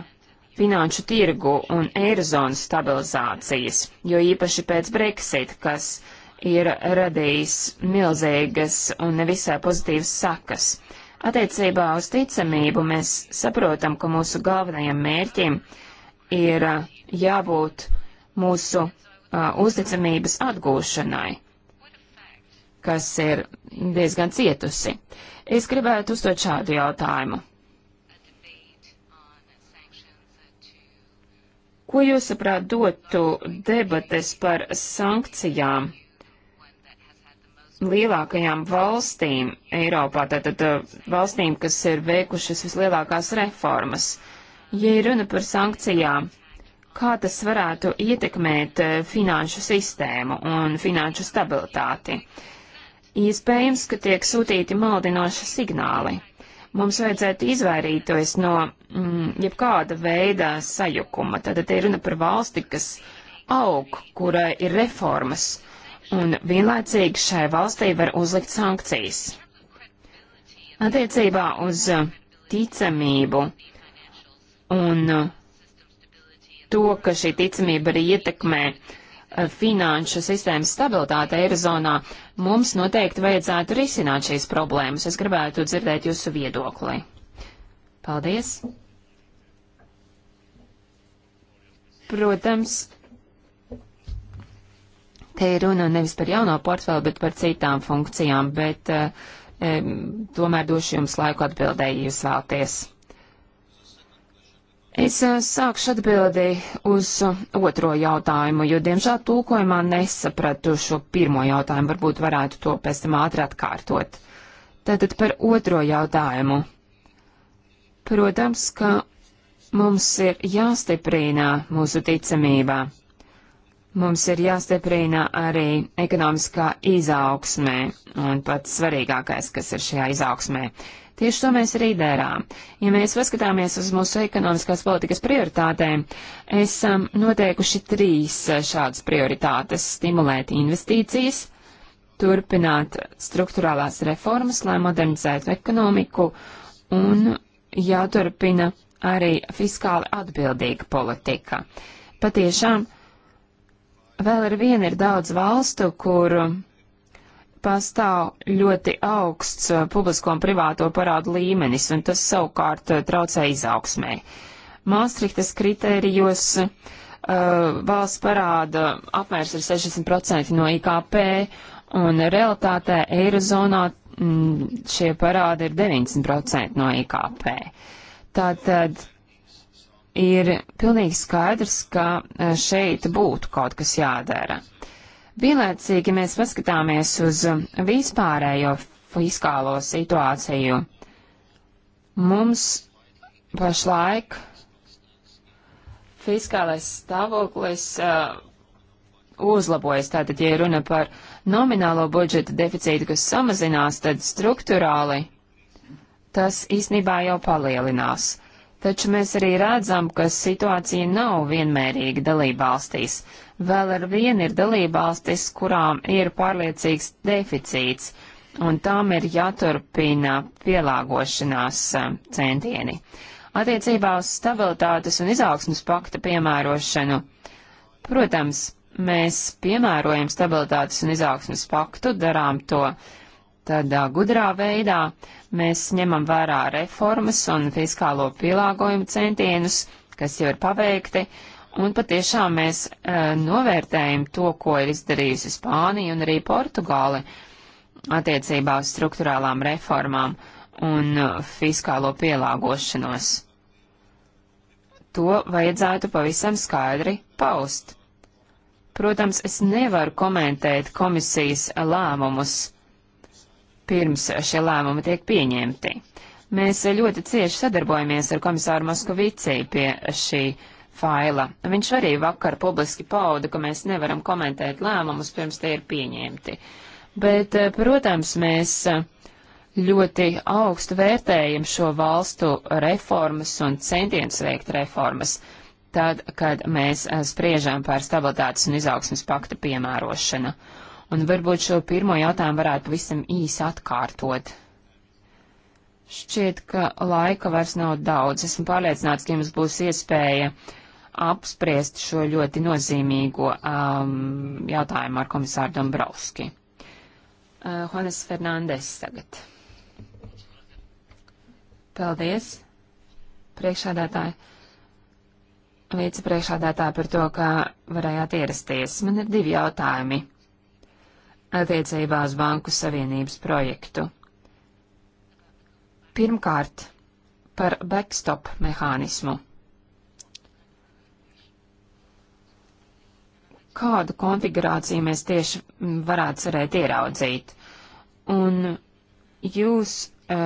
finanšu tirgu un eirozonas stabilizācijas, jo īpaši pēc Brexit, kas ir radījis milzīgas un nevisai pozitīvas sakas. Attiecībā uz ticamību mēs saprotam, ka mūsu galvenajam mērķim ir uh, jābūt mūsu uh, uzticamības atgūšanai, kas ir diezgan cietusi. Es gribētu uzdot šādu jautājumu. Ko jūs saprāt dotu debates par sankcijām lielākajām valstīm Eiropā, tātad uh, valstīm, kas ir veikušas vislielākās reformas? Ja runa par sankcijām, kā tas varētu ietekmēt uh, finanšu sistēmu un finanšu stabilitāti? Iespējams, ka tiek sūtīti maldinoši signāli. Mums vajadzētu izvairīties no mm, jebkāda veida sajukuma. Tātad te ir runa par valsti, kas aug, kurai ir reformas, un vienlaicīgi šai valstī var uzlikt sankcijas. Attiecībā uz ticamību un to, ka šī ticamība arī ietekmē uh, Eh, finanšu sistēmas stabilitāte Eirozonā, mums noteikti vajadzētu risināt šīs problēmas. Es gribētu dzirdēt jūsu viedokli. Paldies! Protams, te ir runa nevis par jauno portfeli, bet par citām funkcijām, bet e, tomēr došu jums laiku atbildēji, ja jūs vēlaties. Es eh, sākšu atbildi uz eh, otro jautājumu, jo, diemžēl, tūkojumā nesapratu šo pirmo jautājumu. Varbūt varētu to pēc tam ātri atkārtot. Tātad par otro jautājumu. Protams, ka mums ir jāstiprina mūsu ticamība. Mums ir jāstiprina arī ekonomiskā izaugsmē, un pats svarīgākais, kas ir šajā izaugsmē Tieši to mēs arī dērām. Ja mēs paskatāmies uz mūsu ekonomiskās politikas prioritātēm, esam noteikuši trīs eh, šādas prioritātes - stimulēt investīcijas, turpināt struktūrālās reformas, lai modernizētu ekonomiku un jāturpina arī fiskāli atbildīga politika. Patiešām vēl ar vienu ir daudz valstu, kur pastāv ļoti augsts eh, publisko un privāto parādu līmenis, un tas savukārt eh, traucē izaugsmē. Māstrihtas kritērijos uh, valsts parāda apmērs ir 60% no IKP, un realitātē Eirozonā mm, šie parādi ir 90% no IKP. Tātad ir pilnīgi skaidrs, ka šeit būtu kaut kas jādara. Vienlaicīgi mēs paskatāmies uz vispārējo fiskālo situāciju. Mums pašlaik fiskālais stāvoklis uh, uzlabojas. Tātad, ja runa par nominālo budžeta deficītu, kas samazinās, tad struktūrāli tas īsnībā jau palielinās. Taču mēs arī redzam, ka situācija nav vienmērīga dalībvalstīs. Vēl ar vienu ir dalībvalstis, kurām ir pārliecīgs deficīts, un tām ir jāturpina pielāgošanās um, centieni. Attiecībā uz stabilitātes un izaugsmas pakta piemērošanu, protams, mēs piemērojam stabilitātes un izaugsmas paktu, darām to tādā gudrā veidā mēs ņemam vērā reformas un fiskālo pielāgojumu centienus, kas jau ir paveikti, Un patiešām mēs uh, novērtējam to, ko ir izdarījusi Spānija un arī Portugāli attiecībā uz struktūrālām reformām un eh, fiskālo pielāgošanos. To vajadzētu pavisam skaidri paust. Protams, es nevaru komentēt komisijas lēmumus pirms šie lēmumi tiek pieņemti. Mēs ļoti cieši sadarbojamies ar komisāru Moskovici pie šī faila. Viņš arī vakar publiski pauda, ka mēs nevaram komentēt lēmumus, pirms tie ir pieņemti. Bet, eh, protams, mēs eh, ļoti augstu vērtējam šo valstu reformas un centienus veikt reformas, tad, kad mēs eh, spriežām par stabilitātes un izaugsmas pakta piemērošanu. Un varbūt šo pirmo jautājumu varētu pavisam īsi atkārtot. Šķiet, ka laika vairs nav daudz. Esmu pārliecināts, ka jums būs iespēja uh, apspriest šo ļoti nozīmīgo um, jautājumu ar komisāru Dombrovski. Uh, Juanes Fernandes tagad. Paldies, priekšādātāji vicepriekšādātāja par to, ka varējāt ierasties. Man ir divi jautājumi attiecībā uz Banku Savienības projektu. Pirmkārt, par backstop mehānismu. kādu konfigurāciju mēs tieši mm, varētu cerēt ieraudzīt. Un jūs, e,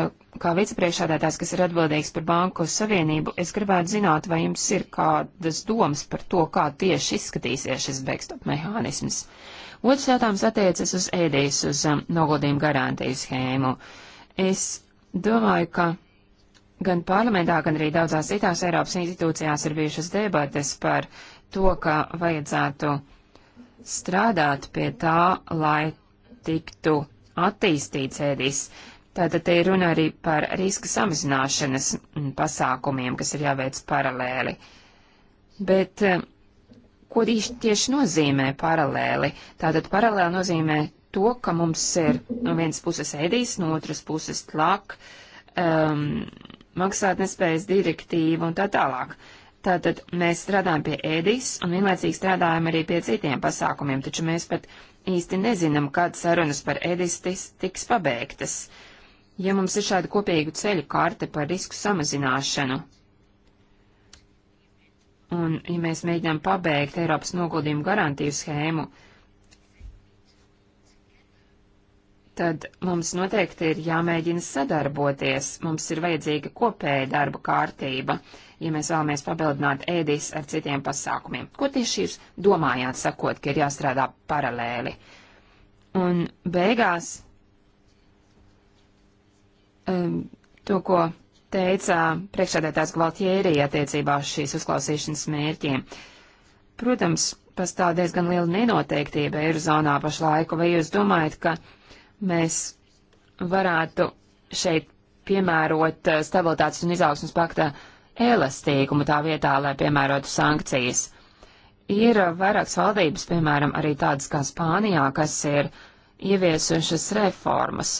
kā vicepriekšādātājs, kas ir atbildīgs par Banku Savienību, es gribētu zināt, vai jums ir kādas domas par to, kā tieši izskatīsies šis backstop mehānisms. Otrs jautājums attiecas uz ēdīs, uz um, noguldījumu garantiju schēmu. Es domāju, ka gan parlamentā, gan arī daudzās citās Eiropas institūcijās ir bijušas debates par uh, to, ka vajadzētu strādāt pie tā, lai tiktu attīstīts ēdis. Tātad te ir runa arī par riska samazināšanas mm, pasākumiem, kas ir jāveic paralēli. Bet eh, ko tieši nozīmē paralēli? Tātad paralēli nozīmē to, ka mums ir no vienas puses ēdīs, no otras puses tlak, um, ehm, maksātnespējas direktīva un tā tālāk. Uh, Tātad mēs strādājam pie ēdīs un vienlaicīgi strādājam arī pie citiem pasākumiem, taču mēs pat īsti nezinām, kad sarunas par ēdīs tiks pabeigtas. Ja mums ir šāda kopīga ceļu karte par risku samazināšanu, un ja mēs mēģinām pabeigt Eiropas noguldījumu garantiju schēmu, tad mums noteikti ir jāmēģina sadarboties, mums ir vajadzīga kopēja darba kārtība ja mēs vēlamies papildināt ēdīs ar citiem pasākumiem. Ko tieši jūs domājāt, sakot, ka ir jāstrādā paralēli? Un beigās um, to, ko teica priekšsēdētājs Gvaltjērī attiecībā uz šīs uzklausīšanas mērķiem. Protams, pastāv diezgan liela nenoteiktība Eirozonā pašlaiku, vai jūs domājat, ka mēs varētu šeit piemērot uh, stabilitātes un izaugsmas pakta uh, elastīgumu tā vietā, lai piemērotu sankcijas. Ir vairākas valdības, piemēram, arī tādas kā Spānijā, kas ir ieviesušas reformas,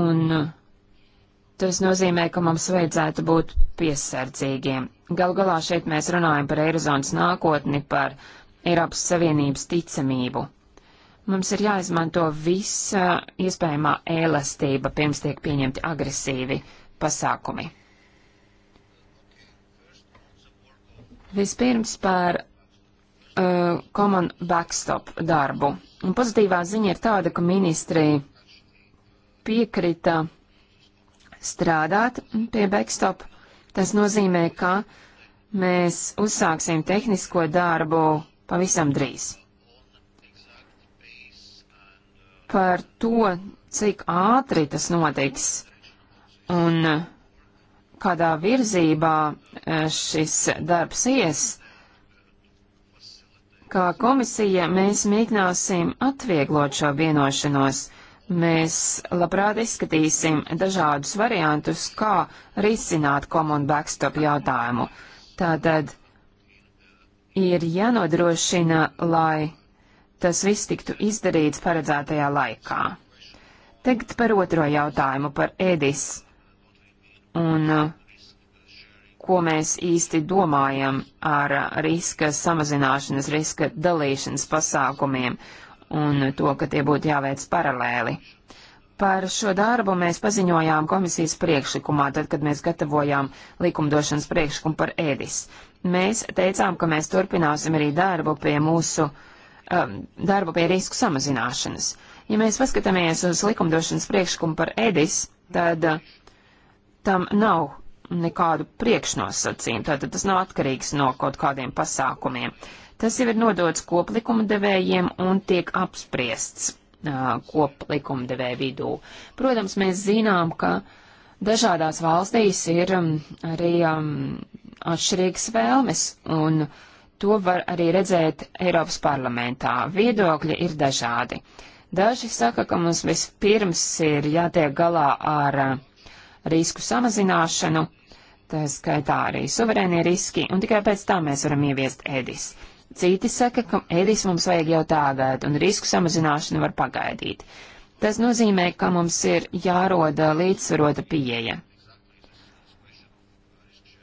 un tas nozīmē, ka mums vajadzētu būt piesardzīgiem. Galu galā šeit mēs runājam par Eirozonas nākotni, par Eiropas Savienības ticamību. Mums ir jāizmanto visa iespējamā elastība, pirms tiek pieņemti agresīvi pasākumi. Vispirms par uh, common backstop darbu. Un pozitīvā ziņa ir tāda, ka ministri piekrita strādāt pie backstop. Tas nozīmē, ka mēs uzsāksim tehnisko darbu pavisam drīz. Par to, cik ātri tas notiks un uh, kādā virzībā e, šis darbs ies. Kā komisija mēs mēģināsim atvieglot šo vienošanos. Mēs labprāt izskatīsim dažādus variantus, kā risināt common backstop jautājumu. Tātad ir jānodrošina, lai tas viss tiktu izdarīts paredzētajā laikā. Tagad par otro jautājumu par ēdis un uh, ko mēs īsti domājam ar riska samazināšanas, riska dalīšanas pasākumiem un to, ka tie būtu jāveic paralēli. Par šo darbu mēs paziņojām komisijas priekšlikumā, tad, kad mēs gatavojām likumdošanas priekšlikumu par ēdis. Mēs teicām, ka mēs turpināsim arī darbu pie mūsu um, darbu pie risku samazināšanas. Ja mēs paskatāmies uz likumdošanas priekšlikumu par ēdis, tad uh, tam nav nekādu priekšnosacījumu, tātad tas nav atkarīgs no kaut kādiem pasākumiem. Tas jau ir nodots koplikuma devējiem un tiek apspriests uh, koplikuma devēju vidū. Protams, mēs zinām, ka dažādās valstīs ir arī um, atšķirīgas vēlmes, un to var arī redzēt Eiropas parlamentā. Viedokļi ir dažādi. Daži saka, ka mums vispirms ir jātiek galā ar uh, risku samazināšanu, tā skaitā arī suverēnie riski, un tikai pēc tam mēs varam ieviest EDIS. Citi saka, ka EDIS mums vajag jau tagad, un risku samazināšanu var pagaidīt. Tas nozīmē, ka mums ir jāroda līdzsvarota pieeja.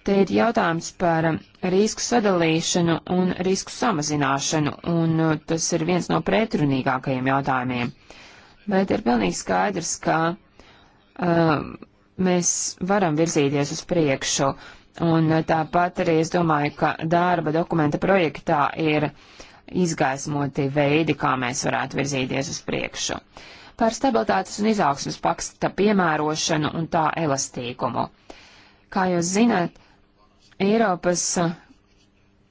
Te ir jautājums par risku sadalīšanu un risku samazināšanu, un tas ir viens no pretrunīgākajiem jautājumiem. Bet ir pilnīgi skaidrs, ka um, mēs varam virzīties uz priekšu. Un eh, tāpat arī es domāju, ka darba dokumenta projektā ir izgaismoti veidi, kā mēs varētu virzīties uz priekšu. Par stabilitātes un izaugsmas paksta piemērošanu un tā elastīgumu. Kā jūs zināt, Eiropas eh,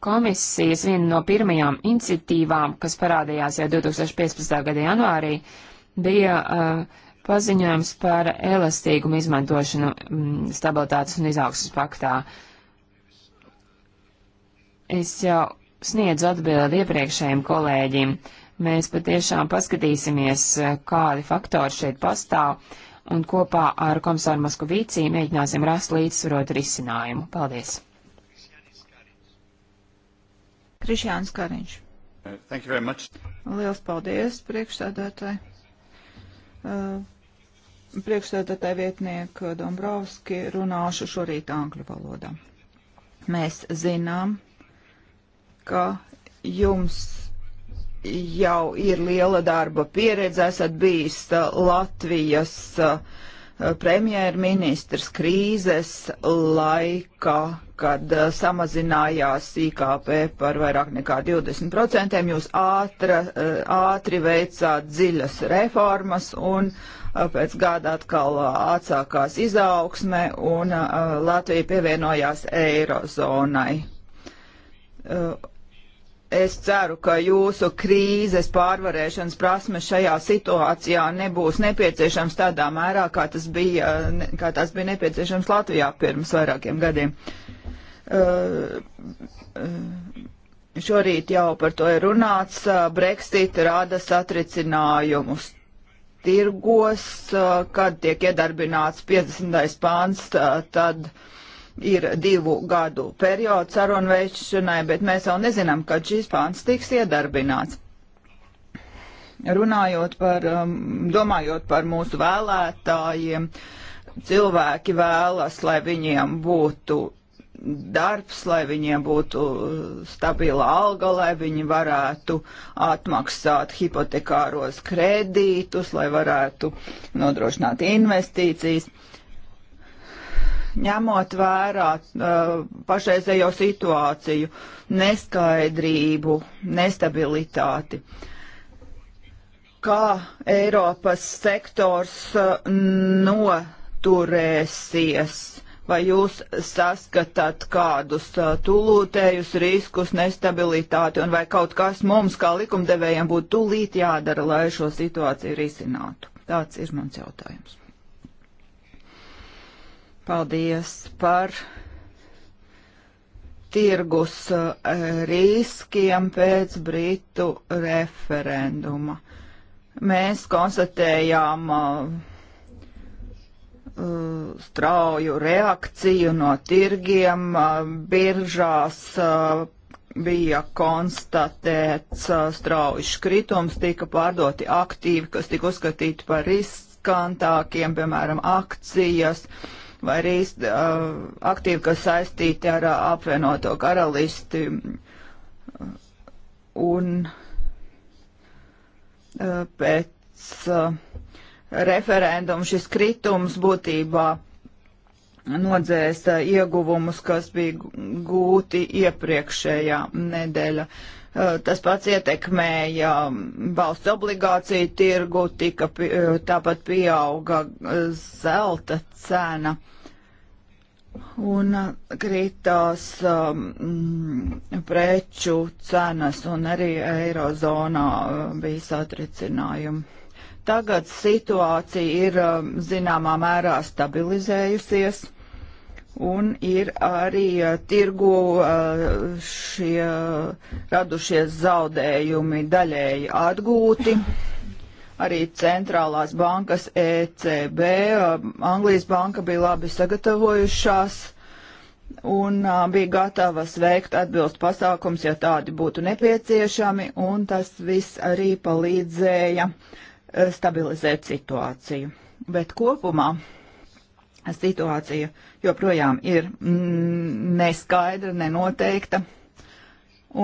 komisijas viena no pirmajām iniciatīvām, kas parādījās jau 2015. gada janvārī, bija uh, paziņojums par elastīgumu izmantošanu mm, stabilitātes un izaugsmas paktā. Es jau sniedzu atbildi iepriekšējiem kolēģim. Mēs patiešām paskatīsimies, kādi faktori šeit pastāv, un kopā ar komisāru Moskavīcī mēģināsim rast līdzsvarot risinājumu. Paldies! Krišjāns Kariņš. Lielas paldies, priekšsēdētāji! Uh, priekšsēdētāja vietnieka Dombrovski runāšu šorīt angļu valodā. Mēs zinām, ka jums jau ir liela darba pieredze, esat bijis uh, Latvijas uh, premjerministrs krīzes laikā, kad eh, samazinājās IKP par vairāk nekā 20%, jūs ātra, eh, ātri veicāt dziļas reformas un eh, pēc gada atkal atsākās izaugsme un Latvija pievienojās eirozonai Es ceru, ka jūsu krīzes pārvarēšanas prasme šajā situācijā nebūs nepieciešams tādā mērā, kā tas bija, kā tas bija nepieciešams Latvijā pirms vairākiem gadiem. Uh, uh, šorīt jau par to ir runāts. Uh, Brexit rada satricinājumus tirgos, uh, kad tiek iedarbināts 50. pāns, tad ir divu gadu periods sarunveišanai, bet mēs vēl nezinām, kad šīs pāns tiks iedarbināts. Runājot par, um, domājot par mūsu vēlētājiem, cilvēki vēlas, lai viņiem būtu darbs, lai viņiem būtu stabila alga, lai viņi varētu atmaksāt hipotekāros kredītus, lai varētu nodrošināt investīcijas ņemot vērā uh, pašreizējo situāciju, neskaidrību, nestabilitāti. Kā Eiropas sektors uh, noturēsies? Vai jūs saskatāt kādus uh, tulūtējus riskus, nestabilitāti, un vai kaut kas mums, kā likumdevējiem, būtu tūlīt jādara, lai šo situāciju risinātu? Tāds ir mans jautājums. Paldies par tirgus eh, riskiem pēc Britu referenduma. Mēs konstatējām eh, strauju reakciju no tirgiem, eh, biržās bija konstatēts strauji kritums, tika pārdoti aktīvi, kas tika uzskatīti par riskantākiem, piemēram, akcijas. Uh, vai arī aktīvi, kas saistīti ar apvienoto karalisti. Un pēc referendumu šis kritums būtībā nodzēsta ieguvumus, kas bija gūti iepriekšējā nedēļa. Uh, Eh, tas pats ietekmēja mm, valsts obligāciju tirgu, tika eh, tāpat pieauga eh, zelta cena un kritās um, preču cenas un arī eirozonā bija satricinājumi. Tagad situācija ir zināmā mērā stabilizējusies un ir arī uh, tirgu uh, šie radušies zaudējumi daļēji atgūti. Arī centrālās bankas ECB, uh, Anglijas banka bija labi sagatavojušās un uh, bija gatavas veikt atbilst pasākums, ja tādi būtu nepieciešami, un tas viss arī palīdzēja uh, stabilizēt situāciju. Bet kopumā situācija joprojām ir mm, neskaidra, nenoteikta,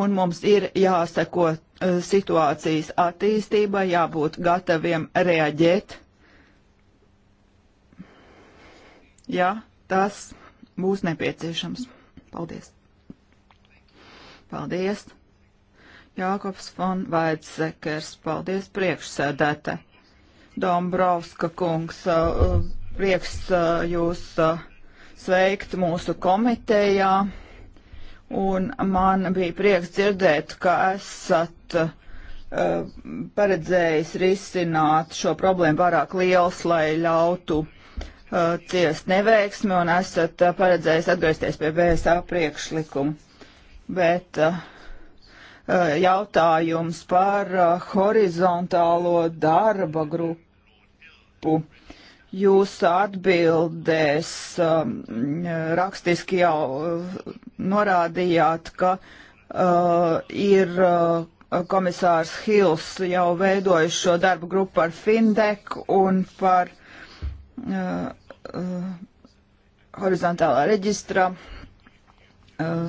un mums ir jāseko e, situācijas attīstībai, jābūt gataviem reaģēt, ja tas būs nepieciešams. Paldies! Paldies! Jākops von Vaidsekers, paldies priekšsēdētē. Dombrovska kungs. Uh, prieks uh, jūs uh, sveikt mūsu komitejā. Un man bija prieks dzirdēt, ka esat uh, paredzējis risināt šo problēmu pārāk liels, lai ļautu uh, ciest neveiksmi, un esat uh, paredzējis atgriezties pie BSA priekšlikumu. Bet uh, jautājums par horizontālo darba grupu jūsu atbildēs um, rakstiski jau uh, norādījāt, ka uh, ir uh, komisārs Hils jau veidojis šo darbu grupu par Findek un par uh, uh, horizontālā reģistra uh,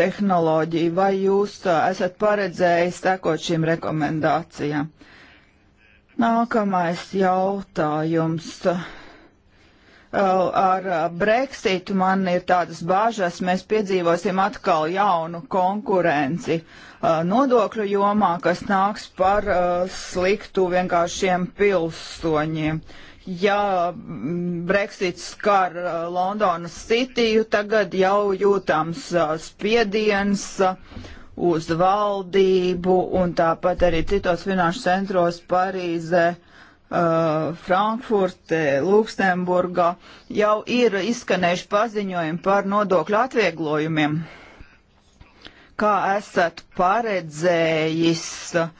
tehnoloģiju. Vai jūs uh, esat paredzējis sekot šīm rekomendācijām? Uh, Nākamais jautājums. Ar Brexitu man ir tādas bažas, mēs piedzīvosim atkal jaunu konkurenci nodokļu jomā, kas nāks par sliktu vienkāršiem pilsoņiem ja Brexit skar Londonas Cityju, tagad jau jūtams spiediens uz valdību un tāpat arī citos finanšu centros Parīze, uh, Frankfurte, Luksemburgā jau ir izskanējuši paziņojumi par nodokļu atvieglojumiem. Kā esat paredzējis uh,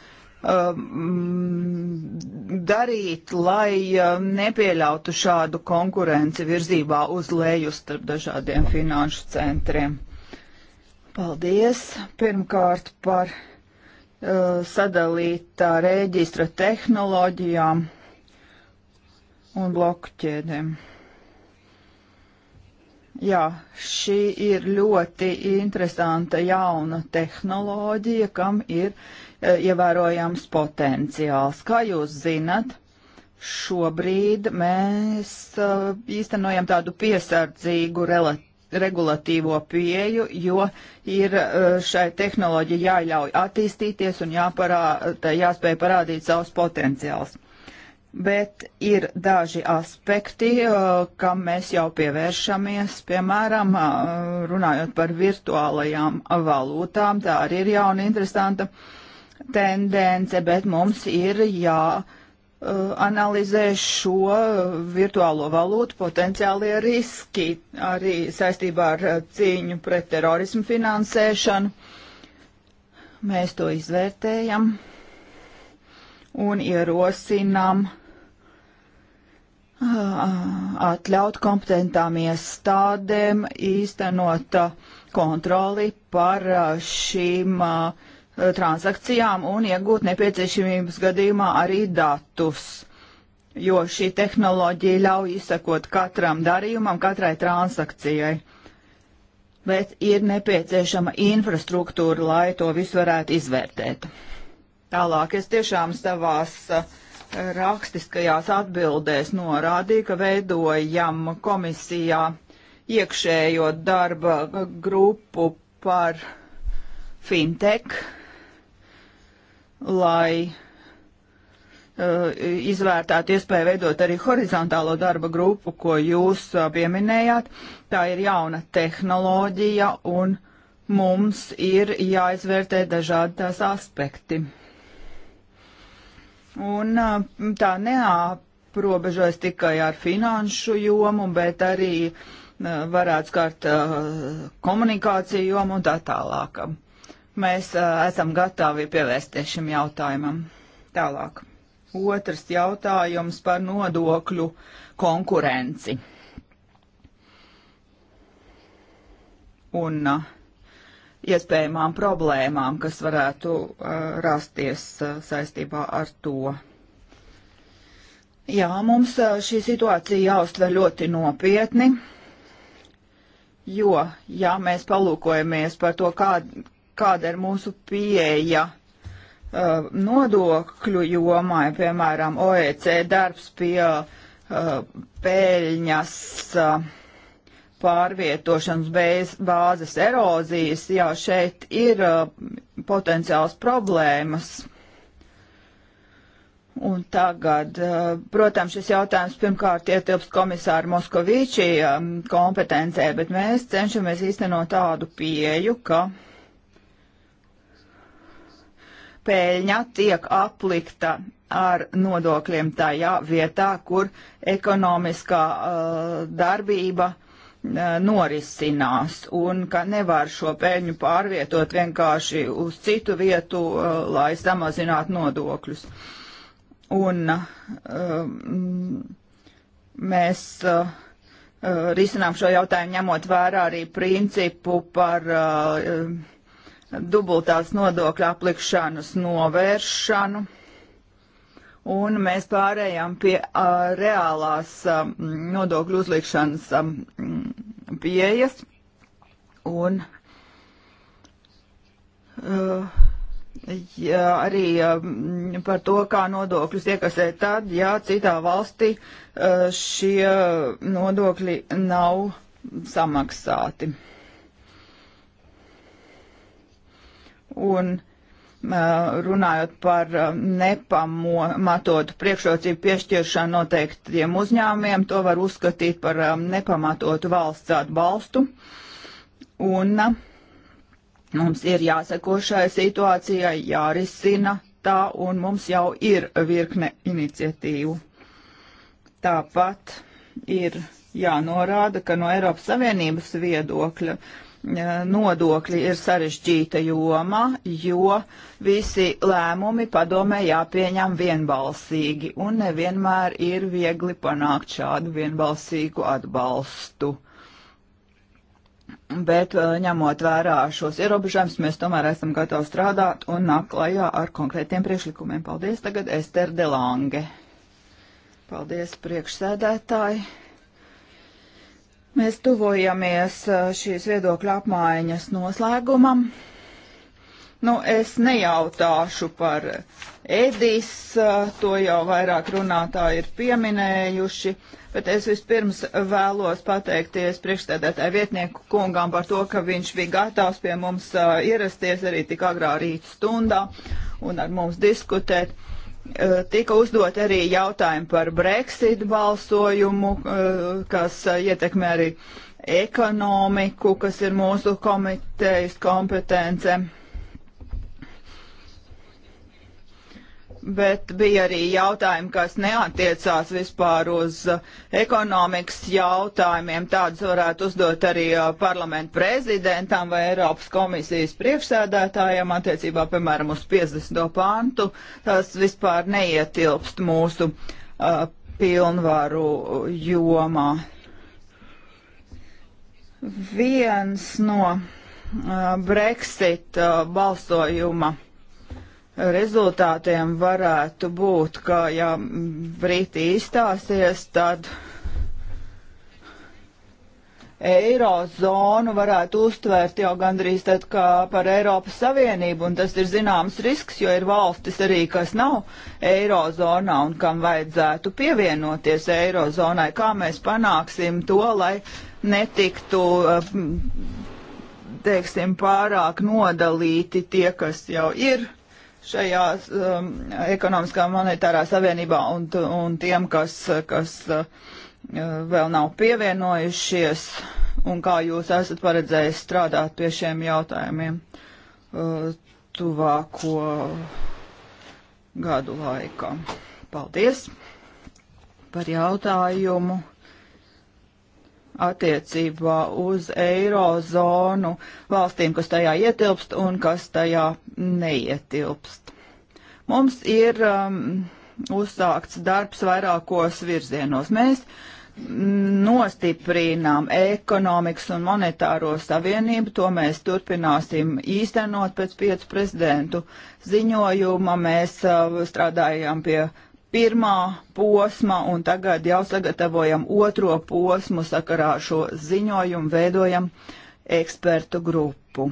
darīt, lai um, nepieļautu šādu konkurenci virzībā uz leju starp dažādiem finanšu centriem? Paldies pirmkārt par uh, sadalītā reģistra tehnoloģijām un blokķēdēm. Jā, šī ir ļoti interesanta jauna tehnoloģija, kam ir uh, ievērojams potenciāls. Kā jūs zinat, šobrīd mēs uh, īstenojam tādu piesardzīgu, relatīvu regulatīvo pieju, jo ir e, šai tehnoloģija jāļauj attīstīties un jāparā, jāspēj parādīt savus potenciāls. Bet ir daži aspekti, e, kam mēs jau pievēršamies, piemēram, e, runājot par virtuālajām valūtām, tā arī ir jauna interesanta tendence, bet mums ir jā. Ja, Uh, analizē šo virtuālo valūtu potenciālie riski arī saistībā ar uh, cīņu pret terorismu finansēšanu. Mēs to izvērtējam un ierosinām uh, atļaut kompetentām iestādēm īstenot kontroli par šīm uh, Eh, transakcijām un iegūt nepieciešamības gadījumā arī datus. Jo šī tehnoloģija ļauj izsekot katram darījumam, katrai transakcijai. Bet ir nepieciešama infrastruktūra, lai to visu varētu izvērtēt. Tālāk es tiešām savās eh, rakstiskajās atbildēs norādīju, ka veidojam komisijā iekšējo darba grupu par fintech lai uh, izvērtētu iespēju veidot arī horizontālo darba grupu, ko jūs uh, pieminējāt. Tā ir jauna tehnoloģija un mums ir jāizvērtē dažādi tās aspekti. Un uh, tā neaprobežojas tikai ar finanšu jomu, bet arī uh, varētu skart uh, komunikāciju jomu un tā tālākam. Mēs uh, esam gatavi pievērsties šim jautājumam. Tālāk. Otrs jautājums par nodokļu konkurenci. Un uh, iespējamām problēmām, kas varētu uh, rasties uh, saistībā ar to. Jā, mums uh, šī situācija jāuztver ļoti nopietni, jo, ja mēs palūkojamies par to, kā, kāda ir mūsu pieeja uh, nodokļu jomai, piemēram, OEC darbs pie uh, pēļņas uh, pārvietošanas bez, bāzes erozijas, jā, šeit ir uh, potenciāls problēmas. Un tagad, uh, protams, šis jautājums pirmkārt ietilpst komisāru Moskovīčī um, kompetencē, bet mēs cenšamies īstenot tādu pieju, ka peļņa tiek aplikta ar nodokļiem tajā vietā, kur ekonomiskā uh, darbība uh, norisinās un ka nevar šo peļņu pārvietot vienkārši uz citu vietu, uh, lai samazinātu nodokļus. Un um, mēs uh, risinām šo jautājumu ņemot vērā arī principu par uh, dubultās nodokļa aplikšanas novēršanu. Un mēs pārējām pie a, reālās a, nodokļu uzlikšanas a, pieejas. Un a, jā, arī a, par to, kā nodokļus iekasēt tad, ja citā valstī a, šie nodokļi nav samaksāti. un uh, runājot par uh, nepamatotu priekšrocību piešķiršanu noteiktiem uzņēmumiem, to var uzskatīt par um, nepamatotu valsts atbalstu. Un uh, mums ir jāseko šai situācijai, jārisina tā, un mums jau ir virkne iniciatīvu. Tāpat ir jānorāda, ka no Eiropas Savienības viedokļa uh, nodokļi ir sarežģīta joma, jo visi lēmumi padomē jāpieņem vienbalsīgi, un nevienmēr ir viegli panākt šādu vienbalsīgu atbalstu. Bet ņemot vērā šos ierobežojumus, mēs tomēr esam gatavi strādāt un nākt klajā ar konkrētiem priekšlikumiem. Paldies tagad Ester Delange. Paldies priekšsēdētāji. Mēs tuvojamies eh, šīs viedokļa apmaiņas noslēgumam. Nu, es nejautāšu par Edis, eh, to jau vairāk runātāji ir pieminējuši, bet es vispirms vēlos pateikties priekšstādātāju vietnieku kungām par to, ka viņš bija gatavs pie mums eh, ierasties arī tik agrā rīta stundā un ar mums diskutēt. Eh, tika uzdot arī jautājumi par Brexit balsojumu, eh, kas eh, ietekmē arī ekonomiku, kas ir mūsu komitejas kompetence. bet bija arī jautājumi, kas neatiecās vispār uz uh, ekonomikas jautājumiem. Tādus varētu uzdot arī uh, parlamentu prezidentam vai Eiropas komisijas priekšsēdētājiem attiecībā, piemēram, uz 50. pantu. Tas vispār neietilpst mūsu uh, pilnvaru jomā. Viens no uh, Brexit uh, balsojuma rezultātiem varētu būt, ka ja Briti izstāsies, tad Eirozonu varētu uztvērt jau gandrīz tad kā par Eiropas Savienību, un tas ir zināms risks, jo ir valstis arī, kas nav Eirozonā un kam vajadzētu pievienoties Eirozonai. Kā mēs panāksim to, lai netiktu, eh, teiksim, pārāk nodalīti tie, kas jau ir šajā um, ekonomiskā monetārā savienībā un, un tiem, kas, kas uh, vēl nav pievienojušies un kā jūs esat paredzējis strādāt pie šiem jautājumiem uh, tuvāko gadu laikā. Paldies par jautājumu attiecībā uz eirozonu valstīm, kas tajā ietilpst un kas tajā neietilpst. Mums ir um, uzsākts darbs vairākos virzienos. Mēs nostiprinām ekonomikas un monetāro savienību, to mēs turpināsim īstenot pēc piecu prezidentu ziņojuma. Mēs uh, strādājām pie uh, pirmā posma, un tagad jau sagatavojam otro posmu sakarā šo ziņojumu, veidojam ekspertu grupu.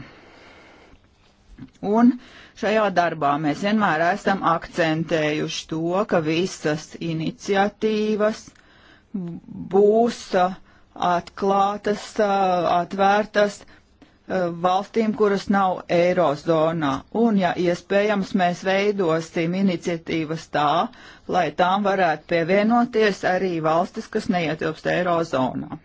Un šajā darbā mēs vienmēr esam akcentējuši to, ka visas iniciatīvas būs atklātas, atvērtas Eh, valstīm, kuras nav eirozonā. Un, ja iespējams, mēs veidosim iniciatīvas tā, lai tām varētu pievienoties arī valstis, kas neietilpst eirozonā.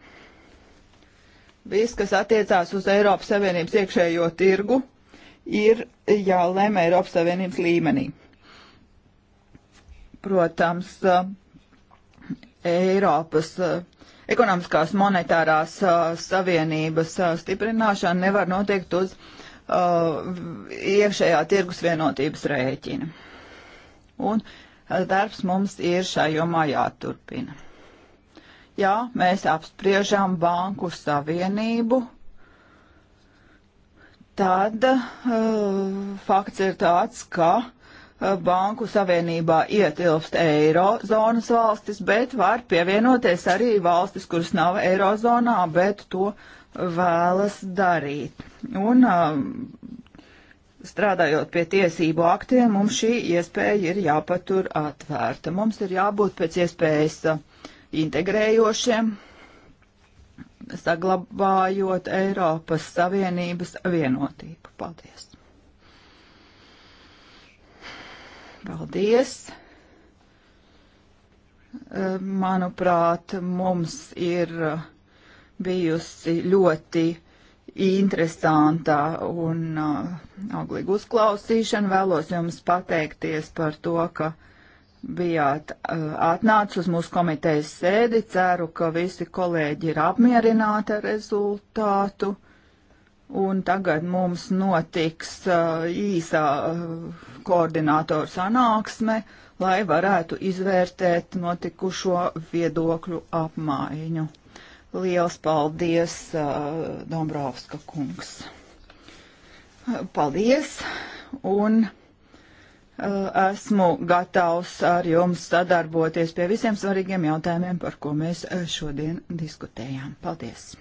Viss, kas attiecās uz Eiropas Savienības iekšējo tirgu, ir jālēma Eiropas Savienības līmenī. Protams, eh, Eiropas eh, ekonomiskās monetārās savienības stiprināšana nevar notiekt uz iekšējā tirgus vienotības rēķina. Un darbs mums ir šai jomā jāturpina. Jā, mēs apspriežam banku savienību. Tad uh, fakts ir tāds, ka uh, Eh, Banku savienībā ietilpst eirozonas valstis, bet var pievienoties arī valstis, kuras nav eirozonā, bet to vēlas darīt. Un eh, strādājot pie tiesību aktiem, mums šī iespēja ir jāpatur atvērta. Mums ir jābūt pēc iespējas eh, integrējošiem, saglabājot Eiropas Savienības vienotību. Paldies! Paldies! Eh, manuprāt, mums ir eh, bijusi ļoti interesantā un eh, auglīga uzklausīšana. Vēlos jums pateikties par to, ka bijāt atnācis uz mūsu komitejas sēdi. Ceru, ka visi kolēģi ir apmierināti ar rezultātu. Un tagad mums notiks uh, īsā uh, koordinātora sanāksme, lai varētu izvērtēt notikušo viedokļu apmaiņu. Liels paldies, uh, Dombrovska kungs! Paldies! Un uh, esmu gatavs ar jums sadarboties pie visiem svarīgiem jautājumiem, par ko mēs uh, šodien diskutējām. Paldies!